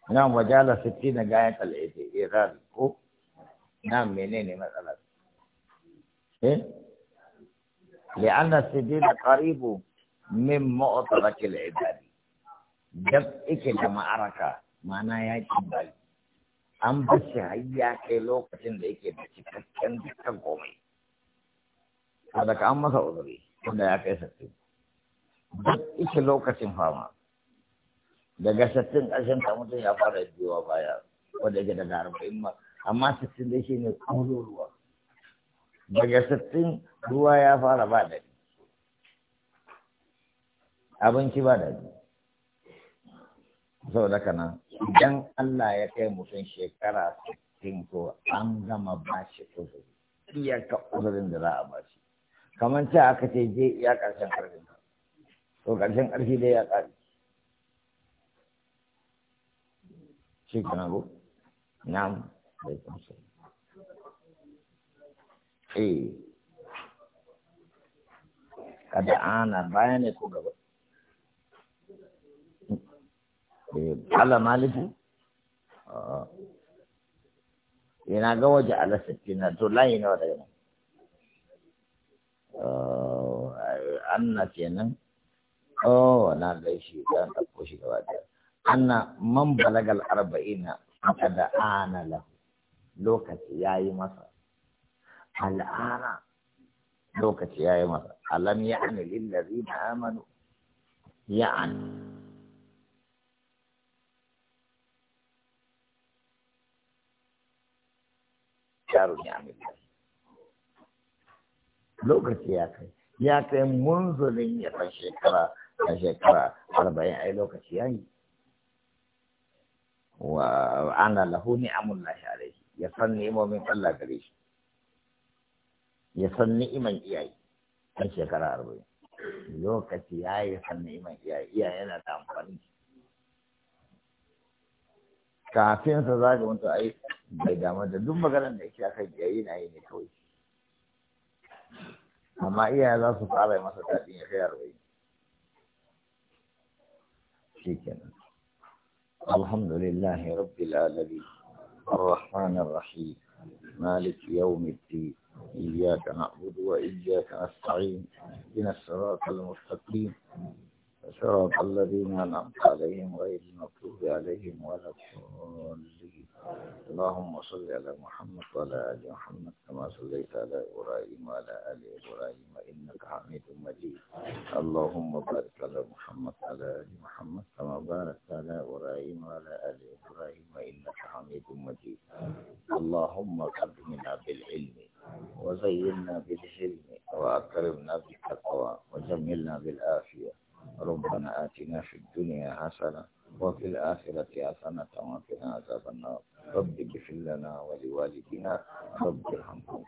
نعم وجعل ستين غاية الإيراد نعم منين مثلا إيه؟ لأن السجين قريب من مؤتلك العباد لما المعركة Ma'ana ya ci bari an ba shi hayya kai lokacin da yake da cikakken dukkan komai kada ka an masa uzuri wanda ya kai sattin duk ishe lokacin fama daga sattin ƙarshen ta mutum ya fara biyowa baya wanda yake daga arba'in ma amma sattin da shi ne kuro ruwa daga sattin ruwa ya fara ba da abinci ba daɗi sau da kana idan Allah ya kai mutum shekara sittin ko an gama ba shi uzuri iyaka uzurin da za a ba shi kamar ce aka ce je iya ƙarshen ƙarfin to ƙarshen ƙarfi dai ya ƙari shi kana ko na'am bai kamsa eh kada ana bayan ne ko gaba Eh, ala maliku yana ah, ga waje ala sittina to layi nawa daga nan ah, anna kenan oh na shi, dan tafko shi gaba da anna man balagal arba'ina kada ana lahu lokaci yayi masa al'ana lokaci yayi masa alam چارو نعمل لوگ کیا کہ یا کہ منذ نہیں ہے تشکر تشکر رب یا لوگ کیا ہے و انا له نعم الله عليه يسن نعم من الله عليه يسن نعم اي اي تشکر رب لوگ کیا ہے یسن نعم اي اي یا انا تام پانی کافی سزا جو تو bai damar da duk maganar da yake yi yayi na yi ne kawai amma iyaye za su fara masa daɗin ya kai arba'in shi kenan alhamdulillahi rabbil alamin الرحمن الرحيم مالك يوم الدين إياك نعبد وإياك نستعين إن الصراط المستقيم صراط الذين أنعمت عليهم غير المغضوب عليهم ولا الضالين اللهم صل على محمد وعلى آل محمد كما صليت على إبراهيم وعلى آل إبراهيم إنك حميد مجيد اللهم بارك على محمد وعلى آل محمد كما باركت على إبراهيم وعلى آل إبراهيم إنك حميد مجيد اللهم قدمنا بالعلم وزينا بالحلم وأكرمنا بالتقوى وجملنا بالعافية ربنا آتنا في الدنيا حسنة وفي الآخرة حسنة وقنا عذاب النار رب اغفر لنا ولوالدنا رب ارحمهم